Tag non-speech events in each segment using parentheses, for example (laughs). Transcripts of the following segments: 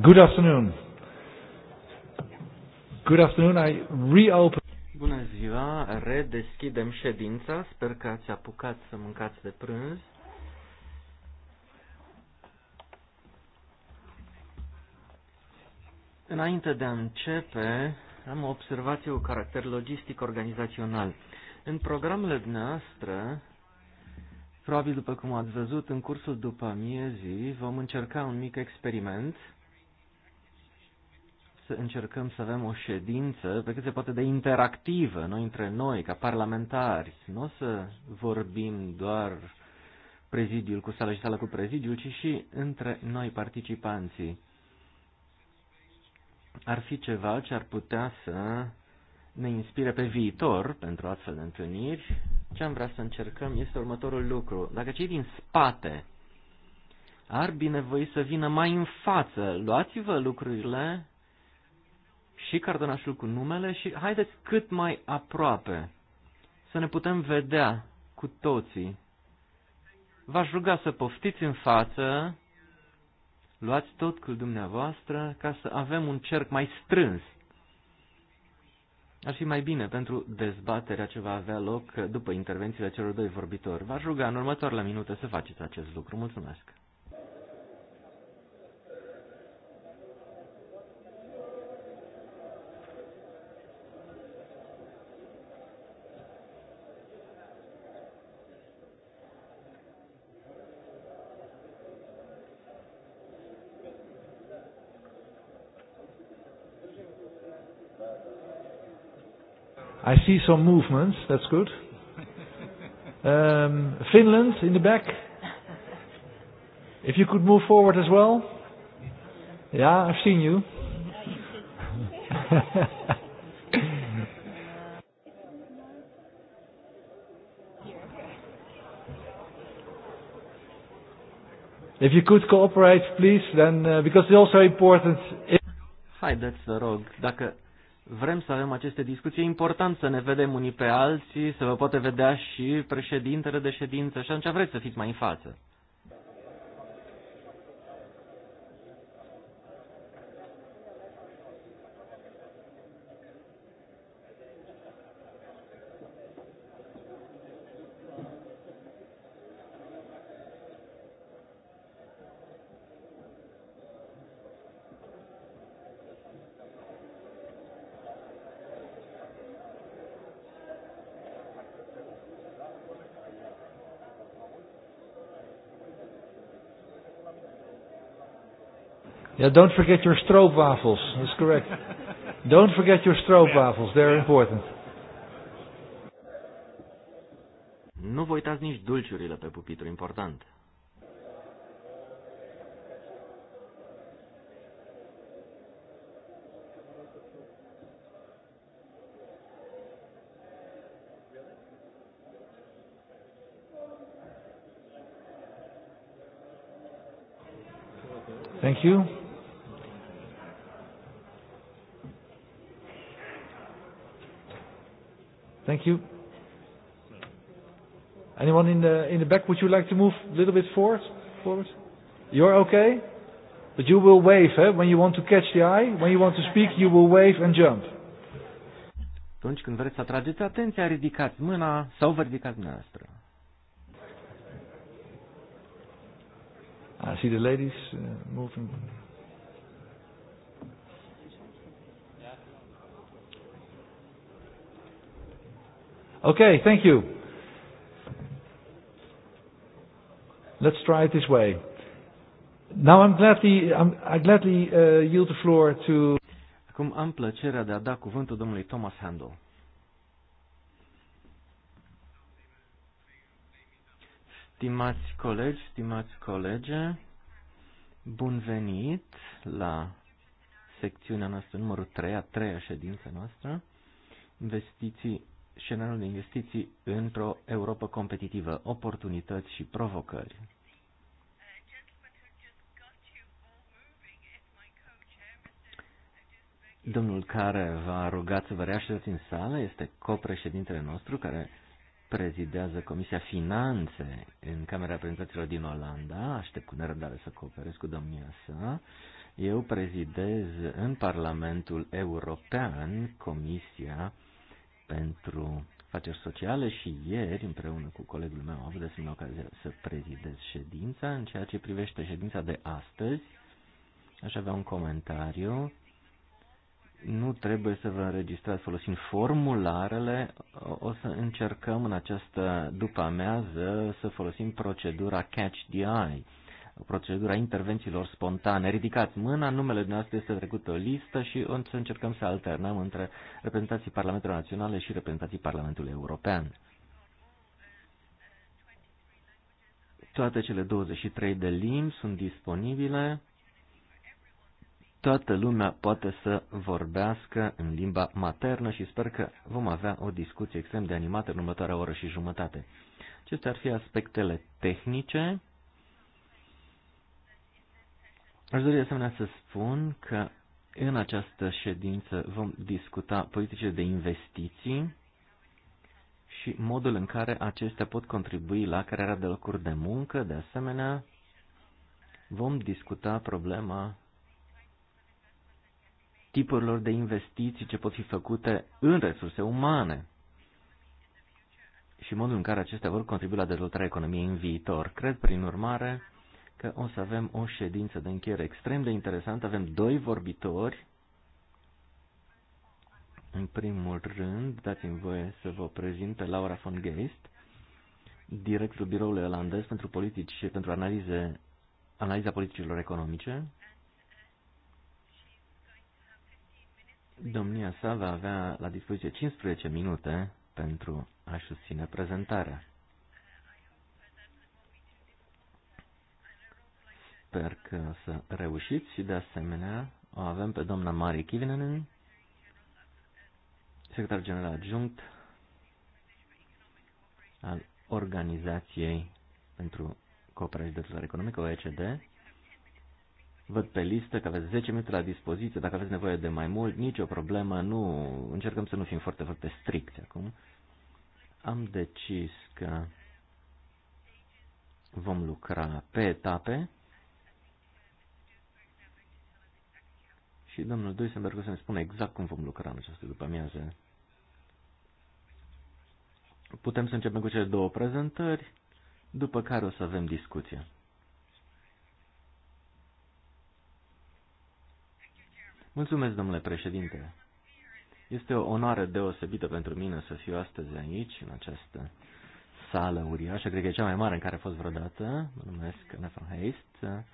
Good afternoon. Good afternoon. I reopen. Bună ziua, redeschidem ședința. Sper că ați apucat să mâncați de prânz. Înainte de a începe, am o observație cu caracter logistic organizațional. În programele noastre Probabil, după cum ați văzut, în cursul după miezii vom încerca un mic experiment să încercăm să avem o ședință pe cât se poate de interactivă, noi între noi, ca parlamentari. Nu o să vorbim doar prezidiul cu sala și sala cu prezidiul, ci și între noi participanții. Ar fi ceva ce ar putea să ne inspire pe viitor pentru astfel de întâlniri. Ce am vrea să încercăm este următorul lucru. Dacă cei din spate ar binevoi să vină mai în față. Luați-vă lucrurile și cardonașul cu numele și haideți cât mai aproape să ne putem vedea cu toții. V-aș ruga să poftiți în față, luați tot cu dumneavoastră ca să avem un cerc mai strâns. Ar fi mai bine pentru dezbaterea ce va avea loc după intervențiile celor doi vorbitori. V-aș ruga în următoarele minute să faceți acest lucru. Mulțumesc! see some movements. That's good. Um, Finland in the back. If you could move forward as well. Yeah, I've seen you. (laughs) If you could cooperate, please, then, uh, because it's also important. Hi, that's the rogue. dacă vrem să avem aceste discuții. E important să ne vedem unii pe alții, să vă poate vedea și președintele de ședință și atunci vreți să fiți mai în față. Yeah, don't forget your stroopwafels. That's correct. don't forget your stroopwafels. They're yeah. important. Nu vă uitați nici dulciurile pe pupitru, important. Thank you. Thank you. Anyone in the in the back? Would you like to move a little bit forward? Forward. You're okay, but you will wave eh? when you want to catch the eye. When you want to speak, you will wave and jump. Atunci când vreți să atrageți atenția, ridicați mâna sau vă ridicați dumneavoastră. I see the ladies uh, moving. Okay, thank you. Let's try it this way. Now I'm gladly, I'm, I gladly uh, yield the floor to... Acum am plăcerea de a da cuvântul domnului Thomas Handel. Stimați colegi, stimați colege, bun venit la secțiunea noastră numărul 3, a treia ședință noastră, investiții scenariul de investiții într-o Europa competitivă, oportunități și provocări. Domnul care v-a rugat să vă reașezați în sală este copreședintele nostru care prezidează Comisia Finanțe în Camera Reprezentanților din Olanda. Aștept cu nerăbdare să cooperez cu domnia sa. Eu prezidez în Parlamentul European Comisia pentru afaceri sociale și ieri, împreună cu colegul meu, am avut de ocazia să prezidez ședința. În ceea ce privește ședința de astăzi, aș avea un comentariu. Nu trebuie să vă înregistrați folosind formularele. O să încercăm în această după amează să folosim procedura Catch the Eye procedura intervențiilor spontane. Ridicați mâna, numele dumneavoastră este trecut pe o listă și o să încercăm să alternăm între reprezentații Parlamentului Naționale și reprezentații Parlamentului European. Toate cele 23 de limbi sunt disponibile. Toată lumea poate să vorbească în limba maternă și sper că vom avea o discuție extrem de animată în următoarea oră și jumătate. Acestea ar fi aspectele tehnice. Aș dori asemenea să spun că în această ședință vom discuta politicile de investiții și modul în care acestea pot contribui la crearea de locuri de muncă. De asemenea, vom discuta problema tipurilor de investiții ce pot fi făcute în resurse umane și modul în care acestea vor contribui la dezvoltarea economiei în viitor. Cred, prin urmare, că o să avem o ședință de încheiere extrem de interesantă. Avem doi vorbitori. În primul rând, dați-mi voie să vă prezint pe Laura von Geist, directorul biroului olandez pentru politici și pentru analize, analiza politicilor economice. Domnia sa va avea la dispoziție 15 minute pentru a susține prezentarea. Sper că o să reușiți și de asemenea o avem pe doamna Mari Kivinen, secretar general adjunct al Organizației pentru Cooperare și Dezvoltare Economică, OECD. Văd pe listă că aveți 10 minute la dispoziție, dacă aveți nevoie de mai mult, nicio problemă, nu, încercăm să nu fim foarte, foarte stricți acum. Am decis că vom lucra pe etape, Și domnul Duisenberg o să ne spună exact cum vom lucra în această după amiază. Putem să începem cu cele două prezentări, după care o să avem discuția. Mulțumesc, domnule președinte. Este o onoare deosebită pentru mine să fiu astăzi aici, în această sală uriașă, cred că e cea mai mare în care a fost vreodată. Mă numesc Nathan Heist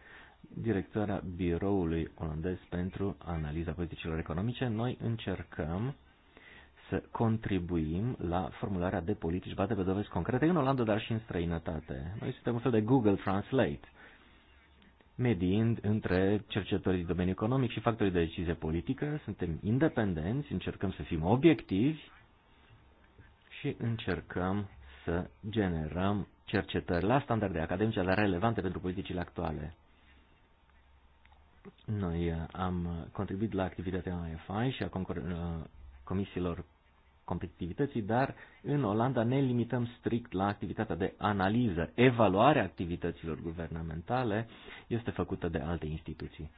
directoarea biroului olandez pentru analiza politicilor economice, noi încercăm să contribuim la formularea de politici bate pe dovezi concrete în Olanda, dar și în străinătate. Noi suntem un fel de Google Translate, mediind între cercetătorii din domeniul economic și factorii de decizie politică. Suntem independenți, încercăm să fim obiectivi și încercăm să generăm cercetări la standarde academice, dar relevante pentru politicile actuale. Noi uh, am contribuit la activitatea AFI și a uh, comisiilor competitivității, dar în Olanda ne limităm strict la activitatea de analiză. Evaluarea activităților guvernamentale este făcută de alte instituții.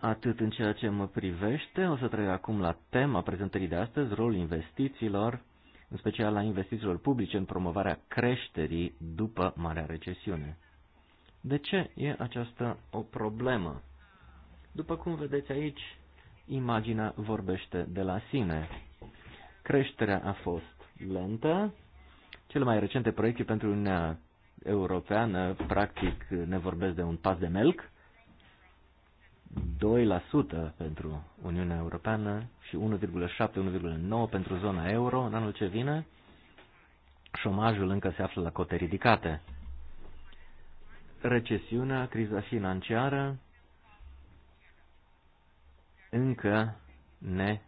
Atât în ceea ce mă privește, o să trec acum la tema prezentării de astăzi, rolul investițiilor, în special la investițiilor publice în promovarea creșterii după Marea Recesiune. De ce e aceasta o problemă? După cum vedeți aici, imaginea vorbește de la sine. Creșterea a fost lentă. Cele mai recente proiecte pentru Uniunea Europeană, practic, ne vorbesc de un pas de melc. 2% pentru Uniunea Europeană și 1,7-1,9% pentru zona euro în anul ce vine. Șomajul încă se află la cote ridicate recesiunea, criza financiară încă ne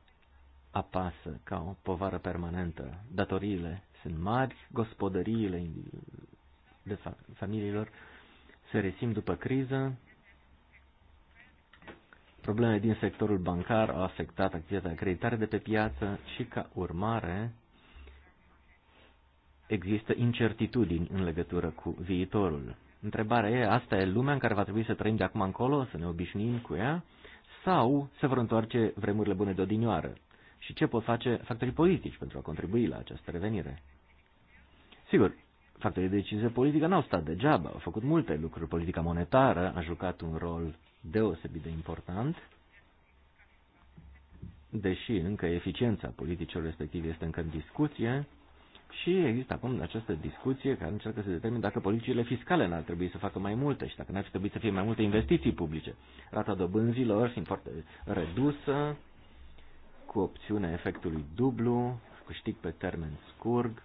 apasă ca o povară permanentă. Datoriile sunt mari, gospodăriile de familiilor se resim după criză, probleme din sectorul bancar au afectat activitatea creditare de pe piață și ca urmare există incertitudini în legătură cu viitorul. Întrebarea e, asta e lumea în care va trebui să trăim de acum încolo, să ne obișnim cu ea, sau se vor întoarce vremurile bune de odinioară? Și ce pot face factorii politici pentru a contribui la această revenire? Sigur, factorii de decizie politică n-au stat degeaba, au făcut multe lucruri. Politica monetară a jucat un rol deosebit de important, deși încă eficiența politicilor respective este încă în discuție, și există acum această discuție care încearcă să determine dacă politicile fiscale n-ar trebui să facă mai multe și dacă n-ar fi să fie mai multe investiții publice. Rata dobânzilor fiind foarte redusă, cu opțiunea efectului dublu, câștig pe termen scurg,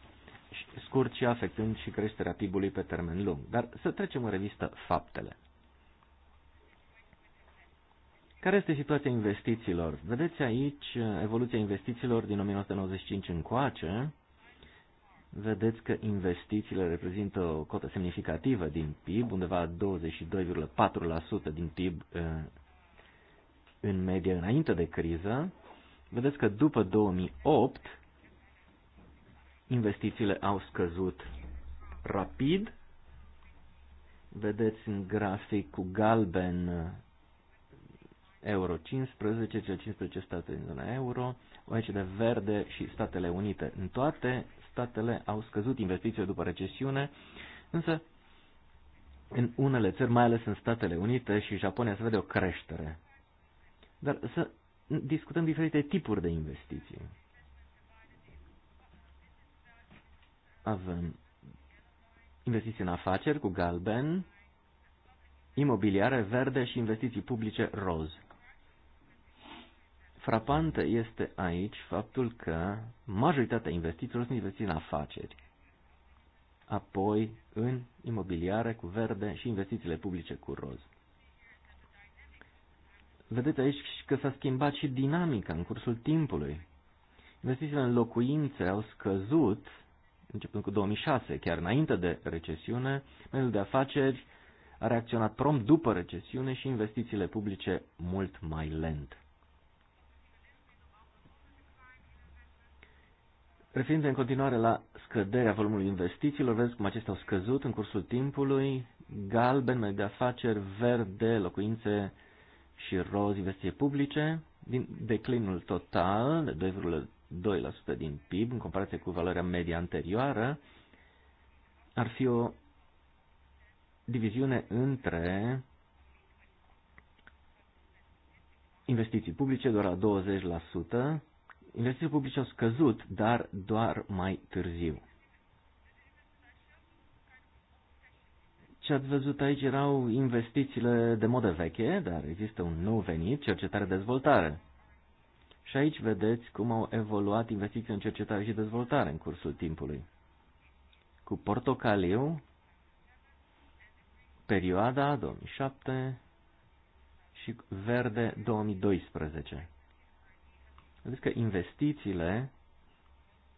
scurt și afectând și creșterea PIB-ului pe termen lung. Dar să trecem în revistă faptele. Care este situația investițiilor? Vedeți aici evoluția investițiilor din 1995 încoace, vedeți că investițiile reprezintă o cotă semnificativă din PIB, undeva 22,4% din PIB eh, în medie înainte de criză. Vedeți că după 2008 investițiile au scăzut rapid. Vedeți în grafic cu galben eh, euro 15, cel 15 state din zona euro, aici de verde și Statele Unite. În toate statele au scăzut investițiile după recesiune, însă în unele țări, mai ales în Statele Unite și Japonia, se vede o creștere. Dar să discutăm diferite tipuri de investiții. Avem investiții în afaceri cu galben, imobiliare verde și investiții publice roz. Frapantă este aici faptul că majoritatea investițiilor sunt investiții în afaceri, apoi în imobiliare cu verde și investițiile publice cu roz. Vedeți aici că s-a schimbat și dinamica în cursul timpului. Investițiile în locuințe au scăzut, începând cu 2006, chiar înainte de recesiune, mediul de afaceri a reacționat prompt după recesiune și investițiile publice mult mai lent. referindu în continuare la scăderea volumului investițiilor, vezi cum acestea au scăzut în cursul timpului, galben, mai de afaceri, verde, locuințe și roz, investiții publice, din declinul total de 2,2% din PIB în comparație cu valoarea medie anterioară, ar fi o diviziune între investiții publice, doar la Investițiile publice au scăzut, dar doar mai târziu. Ce ați văzut aici erau investițiile de modă veche, dar există un nou venit, cercetare-dezvoltare. Și aici vedeți cum au evoluat investițiile în cercetare și dezvoltare în cursul timpului. Cu portocaliu, perioada 2007 și verde 2012. Vedeți că investițiile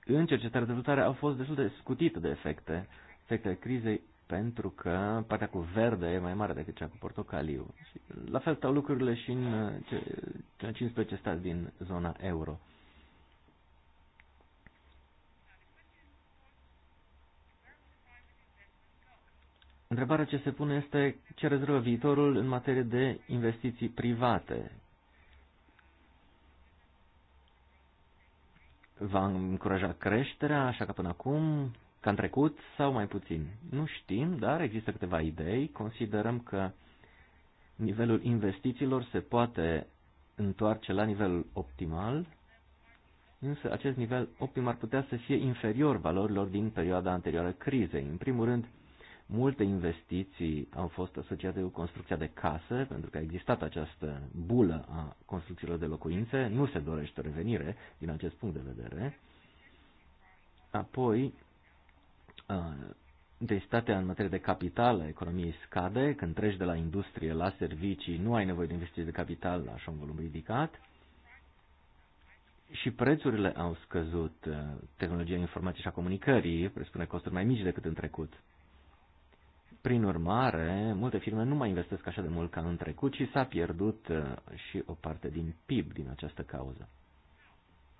în cercetare de dezvoltare au fost destul de scutite de efecte, efectele crizei, pentru că partea cu verde e mai mare decât cea cu portocaliu. Și la fel stau lucrurile și în 15 uh, stați din zona euro. Întrebarea ce se pune este ce rezervă viitorul în materie de investiții private. va încuraja creșterea, așa ca până acum, ca în trecut sau mai puțin? Nu știm, dar există câteva idei. Considerăm că nivelul investițiilor se poate întoarce la nivelul optimal, însă acest nivel optim ar putea să fie inferior valorilor din perioada anterioară crizei. În primul rând, Multe investiții au fost asociate cu construcția de case, pentru că a existat această bulă a construcțiilor de locuințe. Nu se dorește revenire din acest punct de vedere. Apoi, densitatea în materie de capital a economiei scade. Când treci de la industrie la servicii, nu ai nevoie de investiții de capital așa un volum ridicat și prețurile au scăzut. Tehnologia informației și a comunicării presupune costuri mai mici decât în trecut. Prin urmare, multe firme nu mai investesc așa de mult ca în trecut și s-a pierdut uh, și o parte din PIB din această cauză,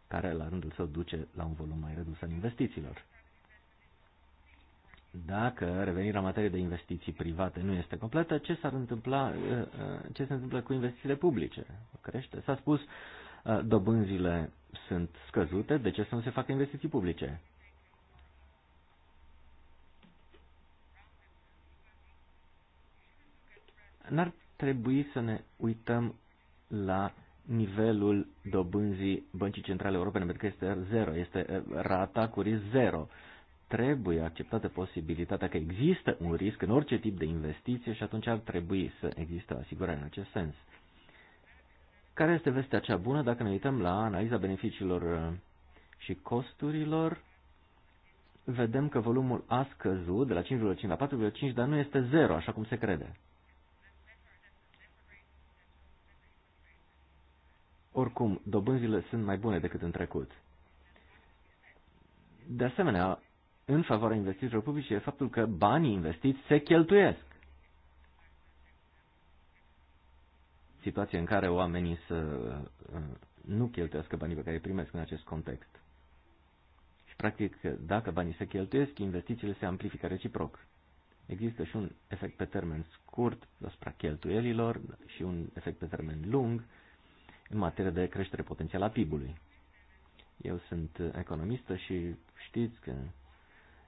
care la rândul său duce la un volum mai redus al investițiilor. Dacă revenirea materiei de investiții private nu este completă, ce s-ar întâmpla, uh, uh, ce se întâmplă cu investițiile publice? Crește. S-a spus, dobânzile sunt scăzute, de ce să nu se facă investiții publice? n-ar trebui să ne uităm la nivelul dobânzii Băncii Centrale Europene, pentru că este zero, este eh, rata cu risc zero. Trebuie acceptată posibilitatea că există un risc în orice tip de investiție și atunci ar trebui să există asigurare în acest sens. Care este vestea cea bună dacă ne uităm la analiza beneficiilor eh, și costurilor? Vedem că volumul a scăzut de la 5,5 la 4,5, dar nu este zero, așa cum se crede. Oricum, dobânzile sunt mai bune decât în trecut. De asemenea, în favoarea investițiilor publice e faptul că banii investiți se cheltuiesc. Situație în care oamenii să uh, nu cheltuiască banii pe care îi primesc în acest context. Și, practic, dacă banii se cheltuiesc, investițiile se amplifică reciproc. Există și un efect pe termen scurt asupra cheltuielilor și un efect pe termen lung în materie de creștere potențială a PIB-ului. Eu sunt economistă și știți că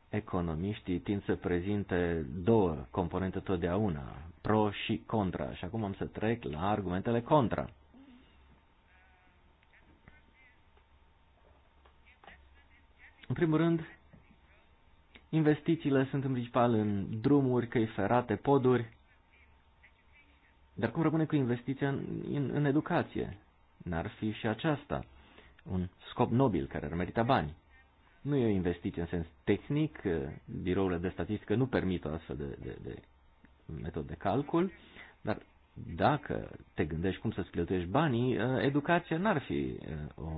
economiștii tind să prezinte două componente totdeauna, pro și contra, și acum am să trec la argumentele contra. În primul rând, investițiile sunt în principal în drumuri, căi ferate, poduri, dar cum rămâne cu investiția în, în, în educație? n-ar fi și aceasta un scop nobil care ar merita bani. Nu e o investiție în sens tehnic, birourile de statistică nu permit o astfel de, de, de metod de calcul, dar dacă te gândești cum să-ți cheltuiești banii, eh, educația n-ar fi eh, o,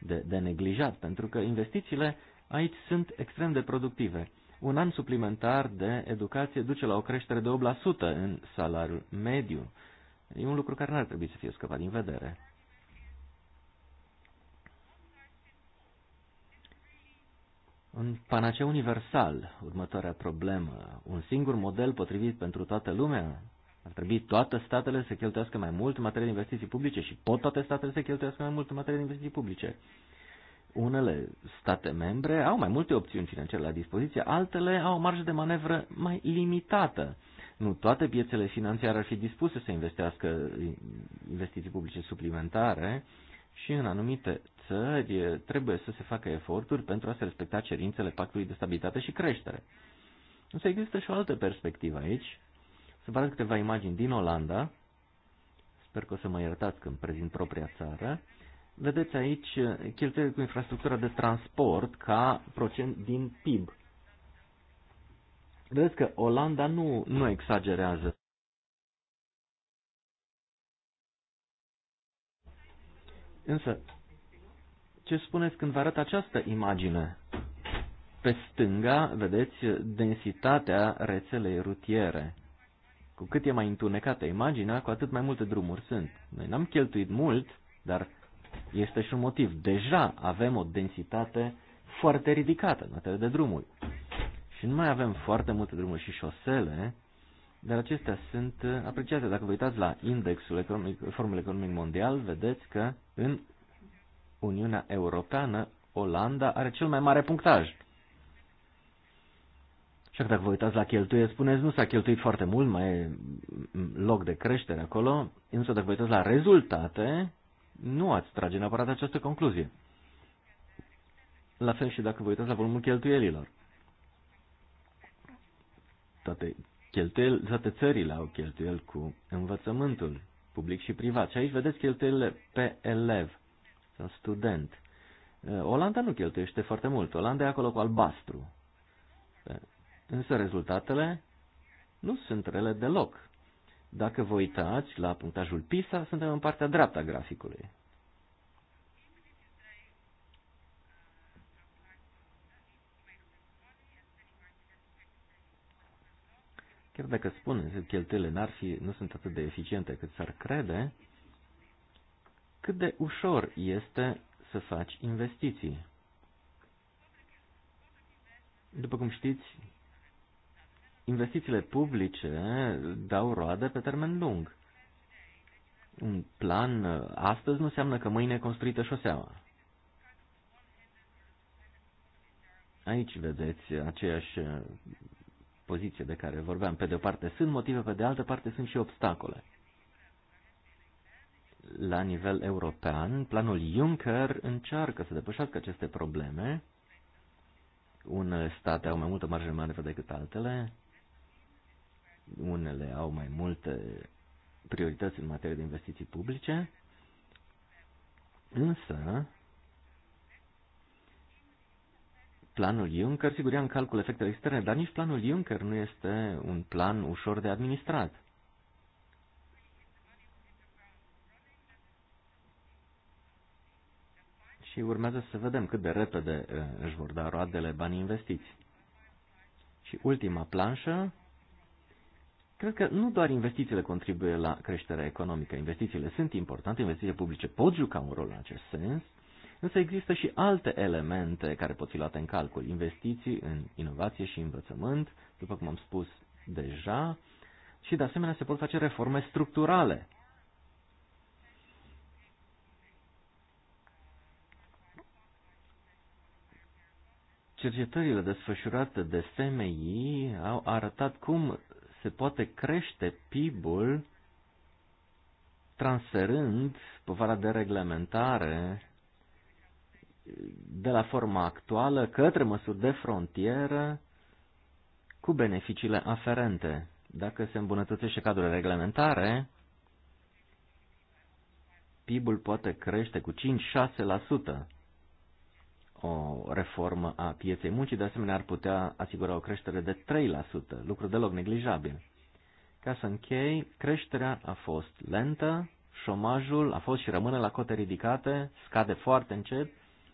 de, de neglijat, pentru că investițiile aici sunt extrem de productive. Un an suplimentar de educație duce la o creștere de 8% în salariul mediu. E un lucru care n-ar trebui să fie scăpat din vedere. un panacea universal, următoarea problemă, un singur model potrivit pentru toată lumea? Ar trebui toate statele să cheltuiască mai mult în materie de investiții publice și pot toate statele să cheltuiască mai mult în materie de investiții publice. Unele state membre au mai multe opțiuni financiare la dispoziție, altele au o marjă de manevră mai limitată. Nu toate piețele financiare ar fi dispuse să investească investiții publice suplimentare și în anumite țări trebuie să se facă eforturi pentru a se respecta cerințele pactului de stabilitate și creștere. Însă există și o altă perspectivă aici. Să vă arăt câteva imagini din Olanda. Sper că o să mă iertați când prezint propria țară. Vedeți aici cheltuielile cu infrastructura de transport ca procent din PIB. Vedeți că Olanda nu, nu exagerează. Însă, ce spuneți când vă arăt această imagine? Pe stânga vedeți densitatea rețelei rutiere. Cu cât e mai întunecată imaginea, cu atât mai multe drumuri sunt. Noi n-am cheltuit mult, dar este și un motiv. Deja avem o densitate foarte ridicată în materie de drumuri. Și nu mai avem foarte multe drumuri și șosele, dar acestea sunt apreciate. Dacă vă uitați la indexul economic, Formul Economic Mondial, vedeți că în Uniunea Europeană, Olanda are cel mai mare punctaj. Și dacă vă uitați la cheltuie, spuneți, nu s-a cheltuit foarte mult, mai e loc de creștere acolo, însă dacă vă uitați la rezultate, nu ați trage neapărat această concluzie. La fel și dacă vă uitați la volumul cheltuielilor. Toate, cheltuiel, toate țările au cheltuieli cu învățământul public și privat. Și aici vedeți cheltuielile pe elev un student. Eh, Olanda nu cheltuiește foarte mult. Olanda e acolo cu albastru. Eh, Însă rezultatele nu sunt rele deloc. Dacă vă uitați la punctajul PISA, suntem în partea dreaptă a graficului. Chiar dacă spun că cheltuielile n-ar fi, nu sunt atât de eficiente cât s-ar crede, cât de ușor este să faci investiții. După cum știți, investițiile publice dau roade pe termen lung. Un plan uh, astăzi nu înseamnă că mâine e construită șoseaua. Aici vedeți aceeași uh, poziție de care vorbeam. Pe de o parte sunt motive, pe de altă parte sunt și obstacole la nivel european, planul Juncker încearcă să depășească aceste probleme. Unele state au mai multă marjă de manevră decât altele, unele au mai multe priorități în materie de investiții publice, însă planul Juncker sigur ia în calcul efectele externe, dar nici planul Juncker nu este un plan ușor de administrat. și urmează să vedem cât de repede își vor da roadele banii investiți. Și ultima planșă, cred că nu doar investițiile contribuie la creșterea economică. Investițiile sunt importante, investițiile publice pot juca un rol în acest sens, însă există și alte elemente care pot fi luate în calcul. Investiții în inovație și învățământ, după cum am spus deja, și de asemenea se pot face reforme structurale Cercetările desfășurate de FMI au arătat cum se poate crește PIB-ul transferând povara de reglementare de la forma actuală către măsuri de frontieră cu beneficiile aferente. Dacă se îmbunătățește cadrul de reglementare, PIB-ul poate crește cu 5-6% o reformă a pieței muncii, de asemenea ar putea asigura o creștere de 3%, lucru deloc neglijabil. Ca să închei, creșterea a fost lentă, șomajul a fost și rămâne la cote ridicate, scade foarte încet,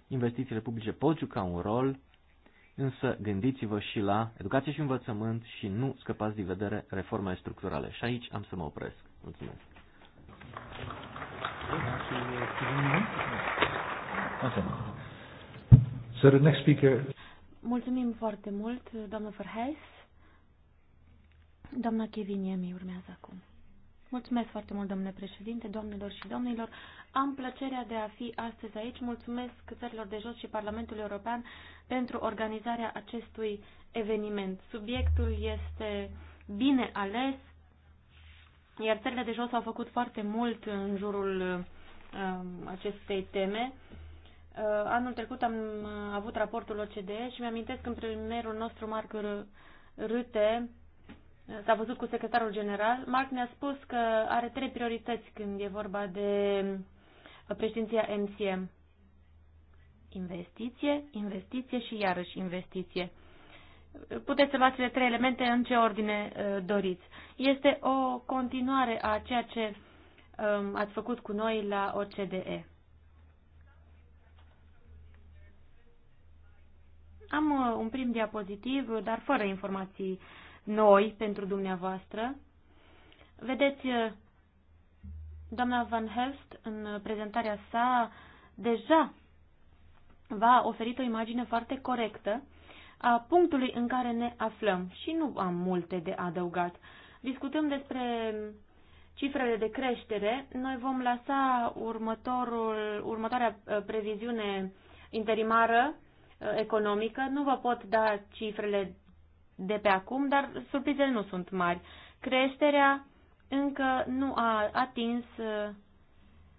investițiile publice pot juca un rol, însă gândiți-vă și la educație și învățământ și nu scăpați de vedere reformele structurale. Și aici am să mă opresc. Mulțumesc. Mulțumesc. So the next speaker... Mulțumim foarte mult, doamnă Verhees. Doamna Cheviniemi urmează acum. Mulțumesc foarte mult, domnule președinte, doamnelor și domnilor. Am plăcerea de a fi astăzi aici. Mulțumesc țărilor de jos și Parlamentului European pentru organizarea acestui eveniment. Subiectul este bine ales, iar țările de jos au făcut foarte mult în jurul um, acestei teme. Uh, anul trecut am uh, avut raportul OCDE și mi-amintesc când primerul nostru, Marc Rute, uh, s-a văzut cu secretarul general. Marc ne-a spus că are trei priorități când e vorba de președinția MCM. Investiție, investiție și iarăși investiție. Puteți să luați trei elemente în ce ordine doriți. Este o continuare a ceea ce um, ați făcut cu noi la OCDE. Am uh, un prim diapozitiv, uh, dar fără informații noi pentru dumneavoastră. Vedeți, uh, doamna Van Helst, în prezentarea sa, deja v-a oferit o imagine foarte corectă a punctului în care ne aflăm și nu am multe de adăugat. Discutăm despre cifrele de creștere. Noi vom lăsa următorul, următoarea previziune interimară Uh, economică. Nu vă pot da cifrele de pe acum, dar surprizele nu sunt mari. Creșterea încă nu a atins uh,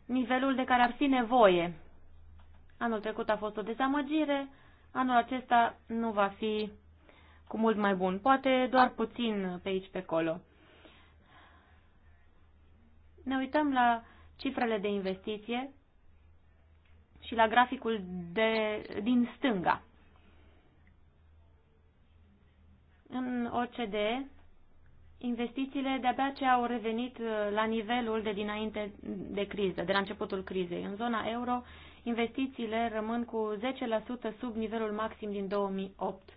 nivelul de care ar fi nevoie. Anul trecut a fost o dezamăgire, anul acesta nu va fi cu mult mai bun, poate doar puțin pe aici, pe acolo. Ne uităm la cifrele de investiție și la graficul de, din stânga. În OCDE, investițiile de-abia ce au revenit uh, la nivelul de dinainte de criză, de la începutul crizei. În zona euro, investițiile rămân cu 10% sub nivelul maxim din 2008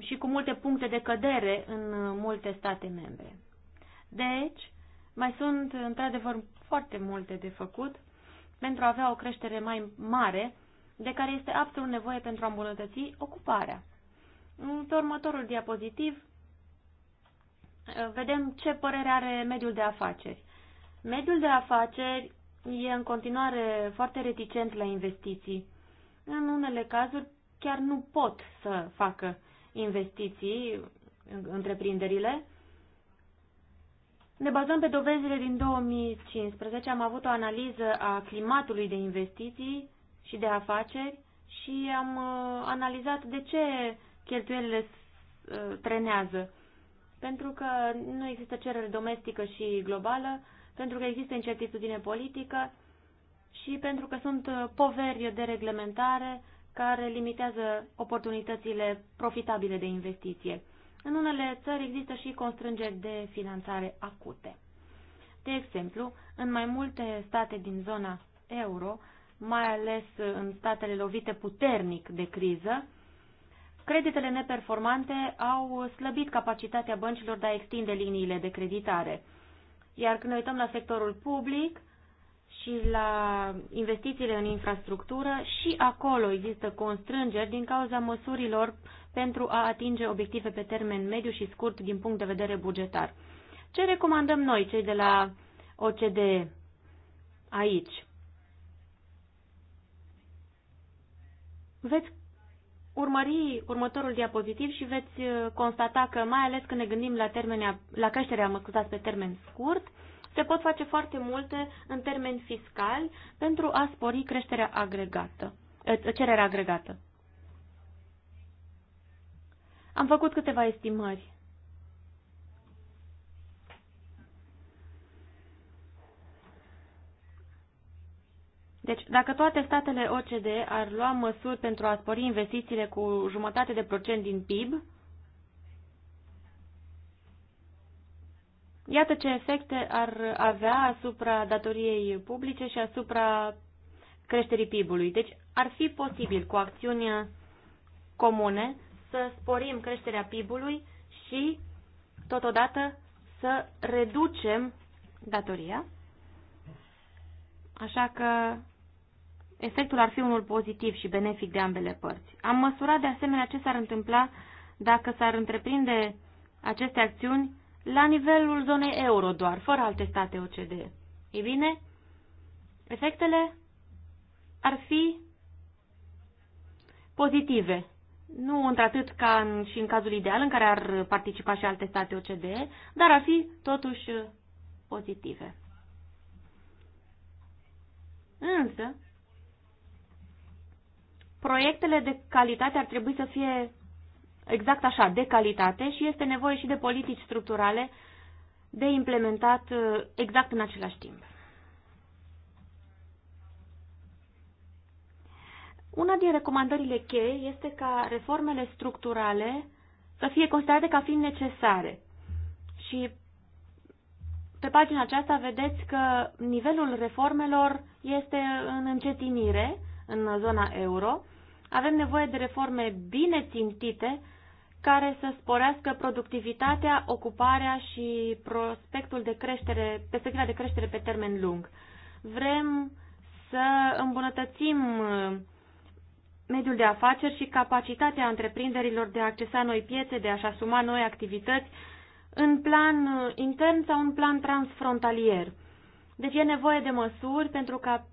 și cu multe puncte de cădere în uh, multe state membre. Deci, mai sunt într-adevăr foarte multe de făcut pentru a avea o creștere mai mare, de care este absolut nevoie pentru a îmbunătăți ocuparea. Pe următorul diapozitiv vedem ce părere are mediul de afaceri. Mediul de afaceri e în continuare foarte reticent la investiții. În unele cazuri chiar nu pot să facă investiții întreprinderile, ne bazăm pe dovezile din 2015. Am avut o analiză a climatului de investiții și de afaceri și am uh, analizat de ce cheltuielile uh, trenează. Pentru că nu există cerere domestică și globală, pentru că există incertitudine politică și pentru că sunt uh, poveri de reglementare care limitează oportunitățile profitabile de investiție. În unele țări există și constrângeri de finanțare acute. De exemplu, în mai multe state din zona euro, mai ales în statele lovite puternic de criză, creditele neperformante au slăbit capacitatea băncilor de a extinde liniile de creditare. Iar când ne uităm la sectorul public și la investițiile în infrastructură, și acolo există constrângeri din cauza măsurilor pentru a atinge obiective pe termen mediu și scurt din punct de vedere bugetar. Ce recomandăm noi, cei de la OCDE, aici? Veți urmări următorul diapozitiv și veți uh, constata că, mai ales când ne gândim la, termenea, la creșterea, mă scuzați, pe termen scurt, se pot face foarte multe în termeni fiscali pentru a spori creșterea agregată, uh, cererea agregată. Am făcut câteva estimări. Deci, dacă toate statele OCDE ar lua măsuri pentru a spori investițiile cu jumătate de procent din PIB, iată ce efecte ar avea asupra datoriei publice și asupra creșterii PIB-ului. Deci, ar fi posibil cu acțiunea comune să sporim creșterea PIB-ului și, totodată, să reducem datoria. Așa că efectul ar fi unul pozitiv și benefic de ambele părți. Am măsurat de asemenea ce s-ar întâmpla dacă s-ar întreprinde aceste acțiuni la nivelul zonei euro doar, fără alte state OCDE. Ei bine, efectele ar fi pozitive nu într-atât ca în, și în cazul ideal în care ar participa și alte state OCDE, dar ar fi totuși pozitive. Însă, proiectele de calitate ar trebui să fie exact așa, de calitate și este nevoie și de politici structurale de implementat uh, exact în același timp. Una din recomandările cheie este ca reformele structurale să fie considerate ca fiind necesare. Și pe pagina aceasta vedeți că nivelul reformelor este în încetinire în zona euro. Avem nevoie de reforme bine țintite care să sporească productivitatea, ocuparea și prospectul de creștere, perspectiva de creștere pe termen lung. Vrem să îmbunătățim mediul de afaceri și capacitatea întreprinderilor de a accesa noi piețe, de a-și asuma noi activități în plan uh, intern sau în plan transfrontalier. Deci e nevoie de măsuri pentru ca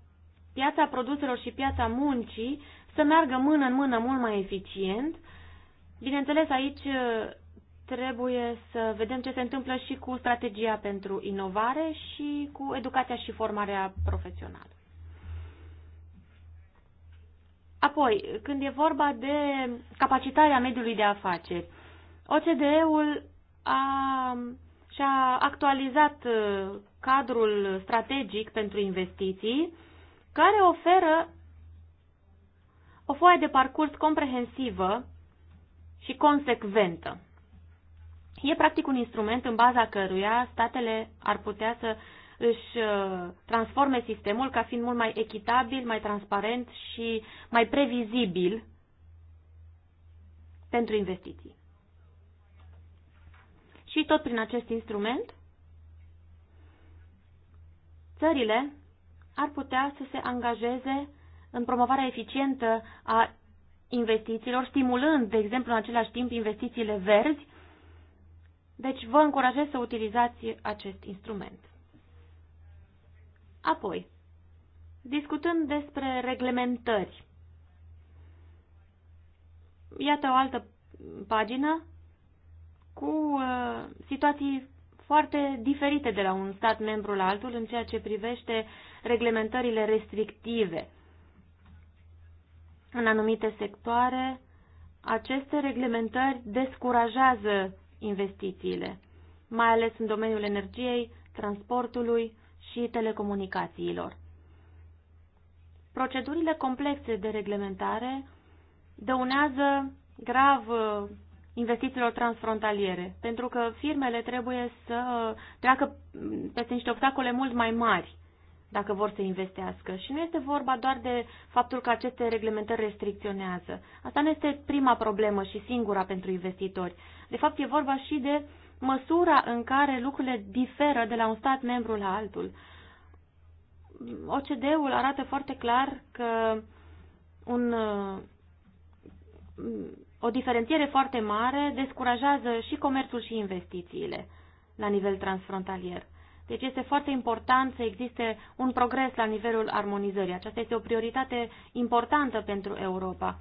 piața produselor și piața muncii să meargă mână în mână mult mai eficient. Bineînțeles, aici uh, trebuie să vedem ce se întâmplă și cu strategia pentru inovare și cu educația și formarea profesională. Apoi, când e vorba de capacitarea mediului de afaceri, OCDE-ul a, și-a actualizat uh, cadrul strategic pentru investiții, care oferă o foaie de parcurs comprehensivă și consecventă. E practic un instrument în baza căruia statele ar putea să își uh, transforme sistemul ca fiind mult mai echitabil, mai transparent și mai previzibil pentru investiții. Și tot prin acest instrument, țările ar putea să se angajeze în promovarea eficientă a investițiilor, stimulând, de exemplu, în același timp investițiile verzi. Deci vă încurajez să utilizați acest instrument. Apoi, discutând despre reglementări, iată o altă pagină cu uh, situații foarte diferite de la un stat membru la altul în ceea ce privește reglementările restrictive. În anumite sectoare, aceste reglementări descurajează investițiile, mai ales în domeniul energiei, transportului, și telecomunicațiilor. Procedurile complexe de reglementare dăunează grav uh, investițiilor transfrontaliere, pentru că firmele trebuie să treacă peste niște obstacole mult mai mari dacă vor să investească. Și nu este vorba doar de faptul că aceste reglementări restricționează. Asta nu este prima problemă și singura pentru investitori. De fapt, e vorba și de măsura în care lucrurile diferă de la un stat membru la altul. OCD-ul arată foarte clar că un, uh, o diferențiere foarte mare descurajează și comerțul și investițiile la nivel transfrontalier. Deci este foarte important să existe un progres la nivelul armonizării. Aceasta este o prioritate importantă pentru Europa.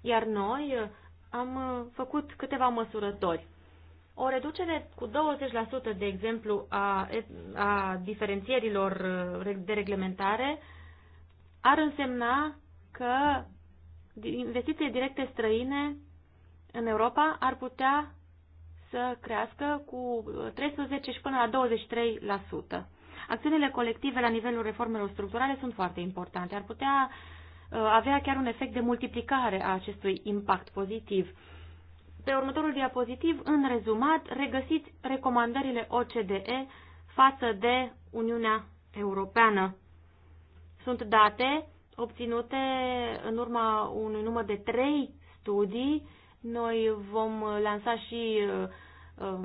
Iar noi uh, am uh, făcut câteva măsurători. O reducere cu 20%, de exemplu, a, a diferențierilor uh, de reglementare ar însemna că investițiile directe străine în Europa ar putea să crească cu 13 și până la 23%. Acțiunile colective la nivelul reformelor structurale sunt foarte importante. Ar putea uh, avea chiar un efect de multiplicare a acestui impact pozitiv. Pe următorul diapozitiv, în rezumat, regăsiți recomandările OCDE față de Uniunea Europeană. Sunt date obținute în urma unui număr de trei studii. Noi vom lansa și uh,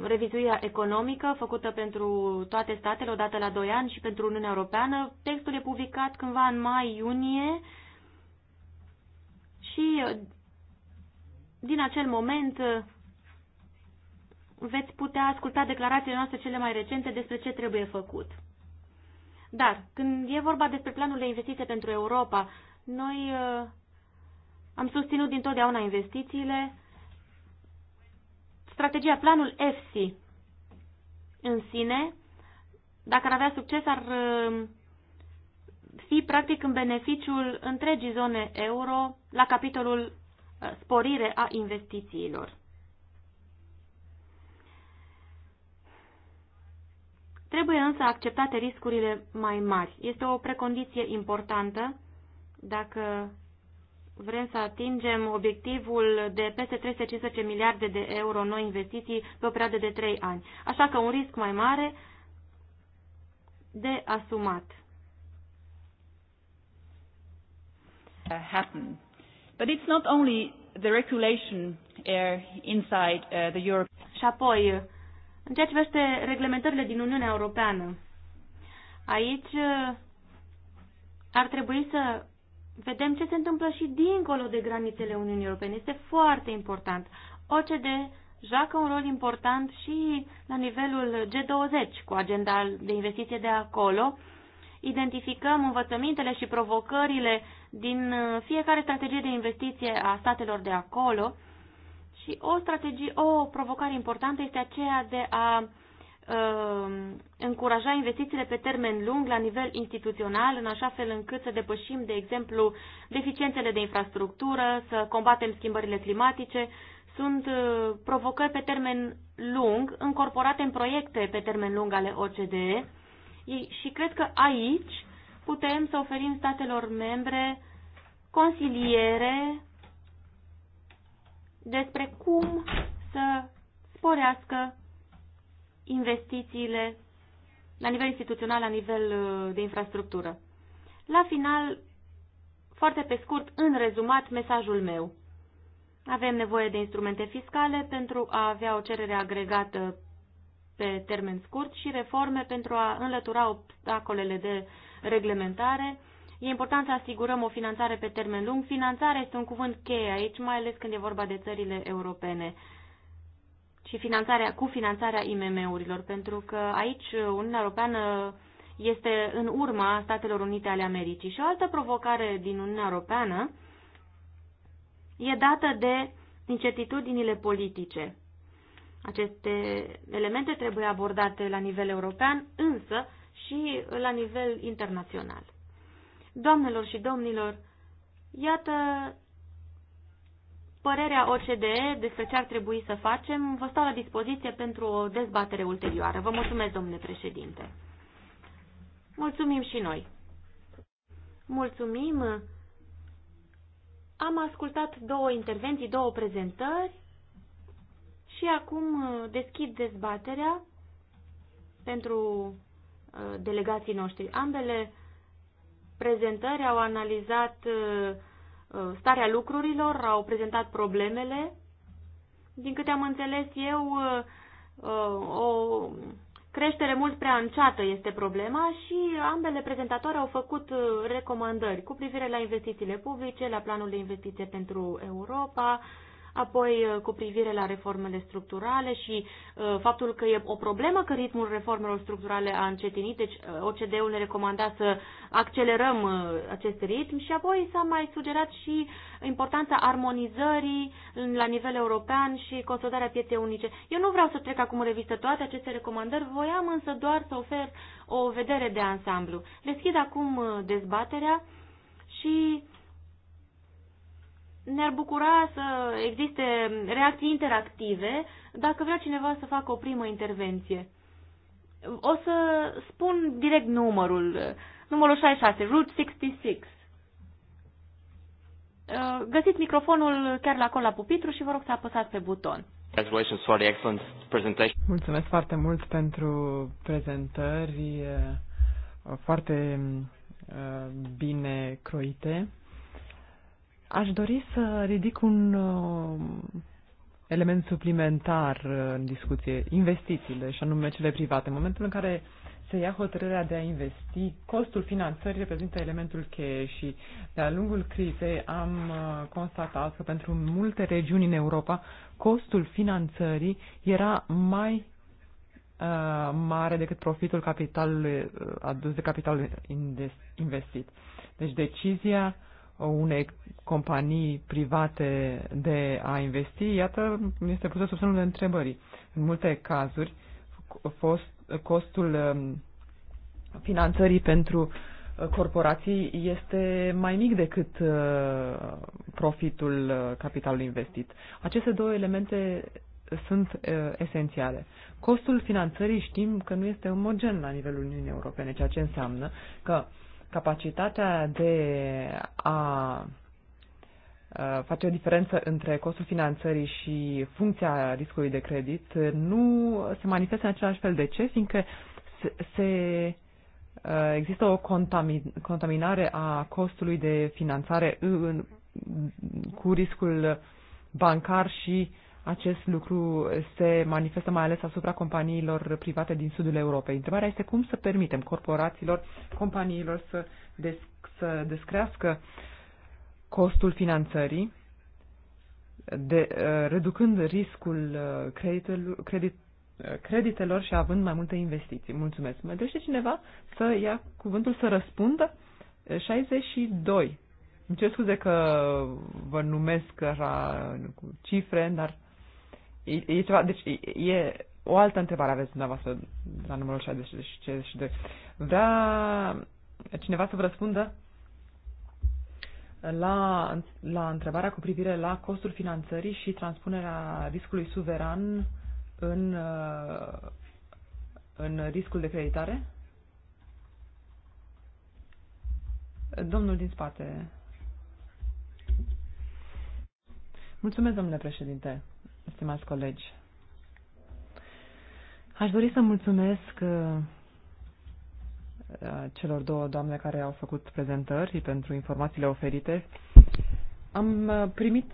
revizuirea economică făcută pentru toate statele odată la 2 ani și pentru Uniunea Europeană. Textul e publicat cândva în mai-iunie și uh, din acel moment uh, veți putea asculta declarațiile noastre cele mai recente despre ce trebuie făcut. Dar, când e vorba despre planul de investiție pentru Europa, noi uh, am susținut dintotdeauna investițiile. Strategia, planul EFSI în sine, dacă ar avea succes, ar uh, fi practic în beneficiul întregii zone euro la capitolul sporire a investițiilor. Trebuie însă acceptate riscurile mai mari. Este o precondiție importantă dacă vrem să atingem obiectivul de peste 315 miliarde de euro noi investiții pe o perioadă de 3 ani. Așa că un risc mai mare de asumat. Uh, But it's not only the regulation eh, inside eh, the Europe. Și apoi, în ceea ce privește reglementările din Uniunea Europeană, aici eh, ar trebui să vedem ce se întâmplă și dincolo de granițele Uniunii Europene. Este foarte important. OCD joacă un rol important și la nivelul G20, cu agenda de investiție de acolo. Identificăm învățămintele și provocările din uh, fiecare strategie de investiție a statelor de acolo și o strategie, o provocare importantă este aceea de a uh, încuraja investițiile pe termen lung la nivel instituțional, în așa fel încât să depășim, de exemplu, deficiențele de infrastructură, să combatem schimbările climatice. Sunt uh, provocări pe termen lung, încorporate în proiecte pe termen lung ale OCDE și cred că aici putem să oferim statelor membre consiliere despre cum să sporească investițiile la nivel instituțional, la nivel uh, de infrastructură. La final, foarte pe scurt, în rezumat, mesajul meu. Avem nevoie de instrumente fiscale pentru a avea o cerere agregată pe termen scurt și reforme pentru a înlătura obstacolele de reglementare. E important să asigurăm o finanțare pe termen lung. Finanțarea este un cuvânt cheie aici, mai ales când e vorba de țările europene și finanțarea, cu finanțarea IMM-urilor, pentru că aici Uniunea Europeană este în urma Statelor Unite ale Americii. Și o altă provocare din Uniunea Europeană e dată de incertitudinile politice. Aceste elemente trebuie abordate la nivel european, însă și la nivel internațional. Doamnelor și domnilor, iată părerea OCDE despre ce ar trebui să facem. Vă stau la dispoziție pentru o dezbatere ulterioară. Vă mulțumesc, domnule președinte. Mulțumim și noi. Mulțumim. Am ascultat două intervenții, două prezentări și acum deschid dezbaterea pentru Uh, delegații noștri. Ambele prezentări au analizat uh, uh, starea lucrurilor, au prezentat problemele. Din câte am înțeles eu, o creștere mult prea înceată este problema și ambele prezentatoare au făcut recomandări cu privire la investițiile publice, la planul de investiție pentru Europa, apoi uh, cu privire la reformele structurale și uh, faptul că e o problemă că ritmul reformelor structurale a încetinit, deci uh, OCDE-ul ne recomanda să accelerăm acest ritm și apoi s-a mai sugerat și importanța armonizării la nivel european și consolidarea pieței unice. Eu nu vreau să trec acum în revistă toate aceste recomandări, voiam însă doar să ofer o vedere de ansamblu. Deschid acum dezbaterea și ne-ar bucura să existe reacții interactive dacă vrea cineva să facă o primă intervenție. O să spun direct numărul, numărul 66, Route 66. Uh, găsiți microfonul chiar la acolo la pupitru și vă rog să apăsați pe buton. Congratulations for the excellent presentation. Mulțumesc foarte mult pentru prezentări uh, foarte uh, bine croite. Aș dori să ridic un uh, element suplimentar uh, în discuție, investițiile și anume cele private. În momentul în care se ia hotărârea de a investi, costul finanțării reprezintă elementul cheie și de-a lungul crizei am uh, constatat că pentru multe regiuni în Europa costul finanțării era mai mare decât profitul capitalului adus de capitalul investit. Deci decizia uh, unei companii private de a investi, iată, este pusă sub semnul de întrebări. În multe cazuri, fost, costul um, finanțării pentru uh, corporații este mai mic decât uh, profitul uh, capitalului investit. Aceste două elemente sunt esențiale. Costul finanțării știm că nu este omogen la nivelul Uniunii Europene, ceea ce înseamnă că capacitatea de a face o diferență între costul finanțării și funcția riscului de credit nu se manifestă în același fel. De ce? Fiindcă se, se există o contaminare a costului de finanțare în, cu riscul bancar și acest lucru se manifestă mai ales asupra companiilor private din sudul Europei. Întrebarea este cum să permitem corporațiilor, companiilor să, des, să descrească costul finanțării, de, uh, reducând riscul uh, creditel, credit, uh, creditelor și având mai multe investiții. Mulțumesc. Mai dorește cineva să ia cuvântul să răspundă? 62. Uh, Îmi cer scuze că vă numesc așa cu cifre, dar E, e ceva, deci e, e o altă întrebare aveți dumneavoastră la numărul 62. Vrea cineva să vă răspundă la, la întrebarea cu privire la costul finanțării și transpunerea riscului suveran în, în riscul de creditare? Domnul din spate. Mulțumesc, domnule președinte stimați colegi. Aș dori să mulțumesc uh, uh, celor două doamne care au făcut prezentări pentru informațiile oferite. Am uh, primit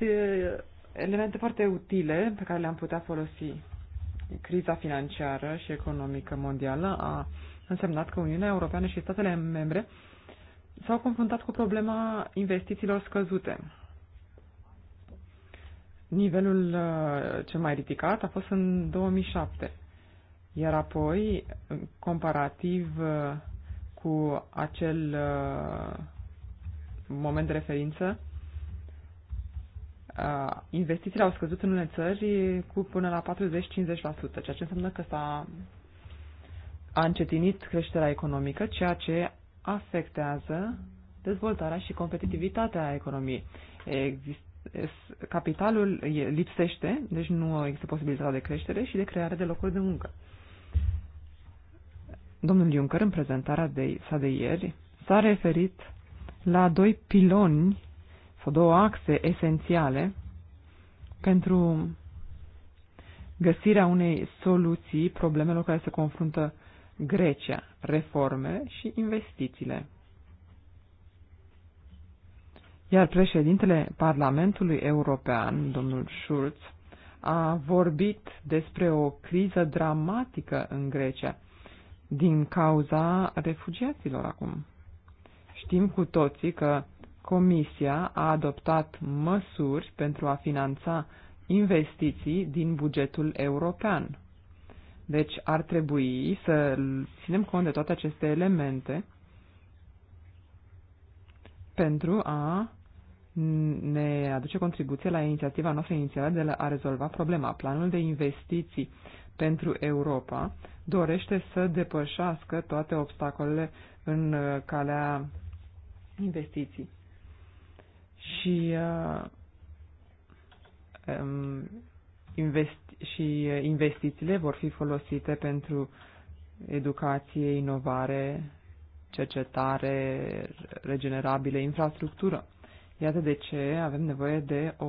elemente foarte utile pe care le-am putea folosi. Criza financiară și economică mondială a însemnat că Uniunea Europeană și statele membre s-au confruntat cu problema investițiilor scăzute. Nivelul uh, cel mai ridicat a fost în 2007, iar apoi, comparativ uh, cu acel uh, moment de referință, investițiile au scăzut în unele țări cu până la 40-50%, ceea ce înseamnă că s-a a încetinit creșterea economică, ceea ce afectează dezvoltarea și competitivitatea economiei. Exist, capitalul lipsește, deci nu există posibilitatea de creștere și de creare de locuri de muncă. Domnul Juncker, în prezentarea de, sa de ieri, s-a referit la doi piloni sau două axe esențiale pentru găsirea unei soluții problemelor care se confruntă Grecia, reforme și investițiile. Iar președintele Parlamentului European, domnul Schulz, a vorbit despre o criză dramatică în Grecia din cauza refugiaților acum. Știm cu toții că Comisia a adoptat măsuri pentru a finanța investiții din bugetul european. Deci ar trebui să ținem cont de toate aceste elemente pentru a ne aduce contribuție la inițiativa noastră inițială de a rezolva problema. Planul de investiții pentru Europa dorește să depășească toate obstacolele în uh, calea investiții. Și uh, um, investi- și uh, investițiile vor fi folosite pentru educație, inovare, cercetare, regenerabile, infrastructură. Iată de ce avem nevoie de o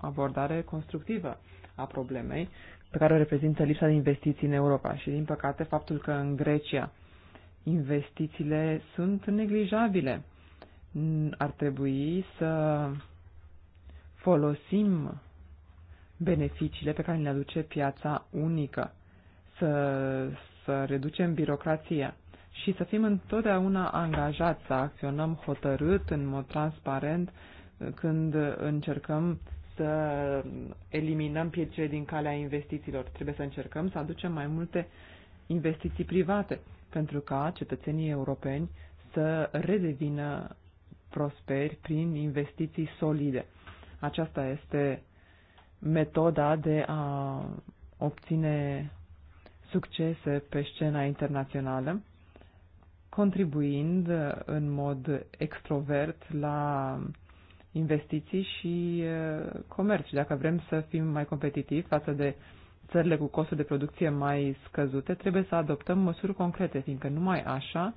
abordare constructivă a problemei pe care o reprezintă lipsa de investiții în Europa și, din păcate, faptul că în Grecia investițiile sunt neglijabile. Ar trebui să folosim beneficiile pe care le aduce piața unică, să, să reducem birocrația și să fim întotdeauna angajați, să acționăm hotărât, în mod transparent, când încercăm să eliminăm piețele din calea investițiilor. Trebuie să încercăm să aducem mai multe investiții private, pentru ca cetățenii europeni să redevină prosperi prin investiții solide. Aceasta este metoda de a obține succese pe scena internațională contribuind uh, în mod extrovert la investiții și uh, comerț. dacă vrem să fim mai competitivi față de țările cu costuri de producție mai scăzute, trebuie să adoptăm măsuri concrete, fiindcă numai așa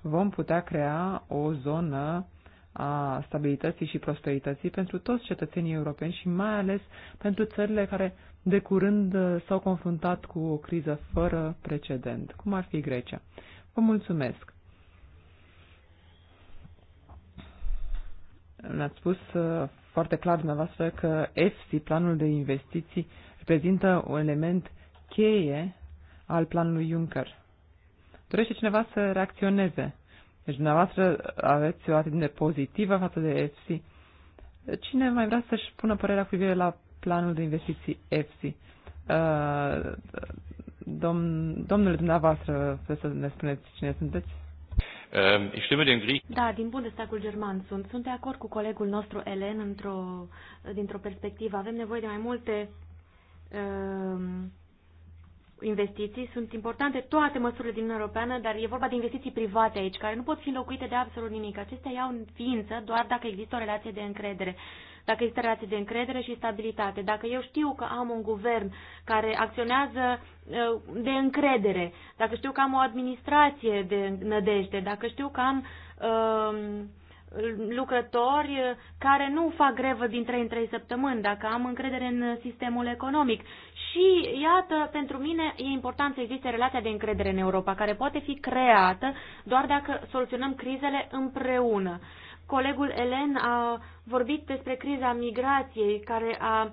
vom putea crea o zonă a stabilității și prosperității pentru toți cetățenii europeni și mai ales pentru țările care de curând uh, s-au confruntat cu o criză fără precedent, cum ar fi Grecia. Vă mulțumesc! ne-ați spus uh, foarte clar dumneavoastră că EFSI, planul de investiții, reprezintă un element cheie al planului Juncker. Dorește cineva să reacționeze. Deci dumneavoastră aveți o atitudine pozitivă față de EFSI. Cine mai vrea să-și pună părerea cu privire la planul de investiții EFSI? Uh, domnule dumneavoastră, să ne spuneți cine sunteți? Ehm, ich stimme dem Griech. Da, din Bundestagul german sunt. Sunt de acord cu colegul nostru Elen într-o, dintr-o perspectivă. Avem nevoie de mai multe uh, investiții. Sunt importante toate măsurile din Uniunea Europeană, dar e vorba de investiții private aici, care nu pot fi înlocuite de absolut nimic. Acestea iau în ființă doar dacă există o relație de încredere dacă există relații de încredere și stabilitate. Dacă eu știu că am un guvern care acționează uh, de încredere, dacă știu că am o administrație de nădejde, dacă știu că am uh, lucrători care nu fac grevă din 3 în 3 săptămâni, dacă am încredere în sistemul economic. Și, iată, pentru mine e important să existe relația de încredere în Europa, care poate fi creată doar dacă soluționăm crizele împreună. Colegul Elen a vorbit despre criza migrației care a uh,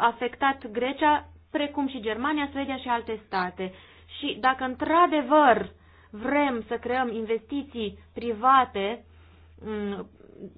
afectat Grecia, precum și Germania, Suedia și alte state. Și dacă într-adevăr vrem să creăm investiții private mm,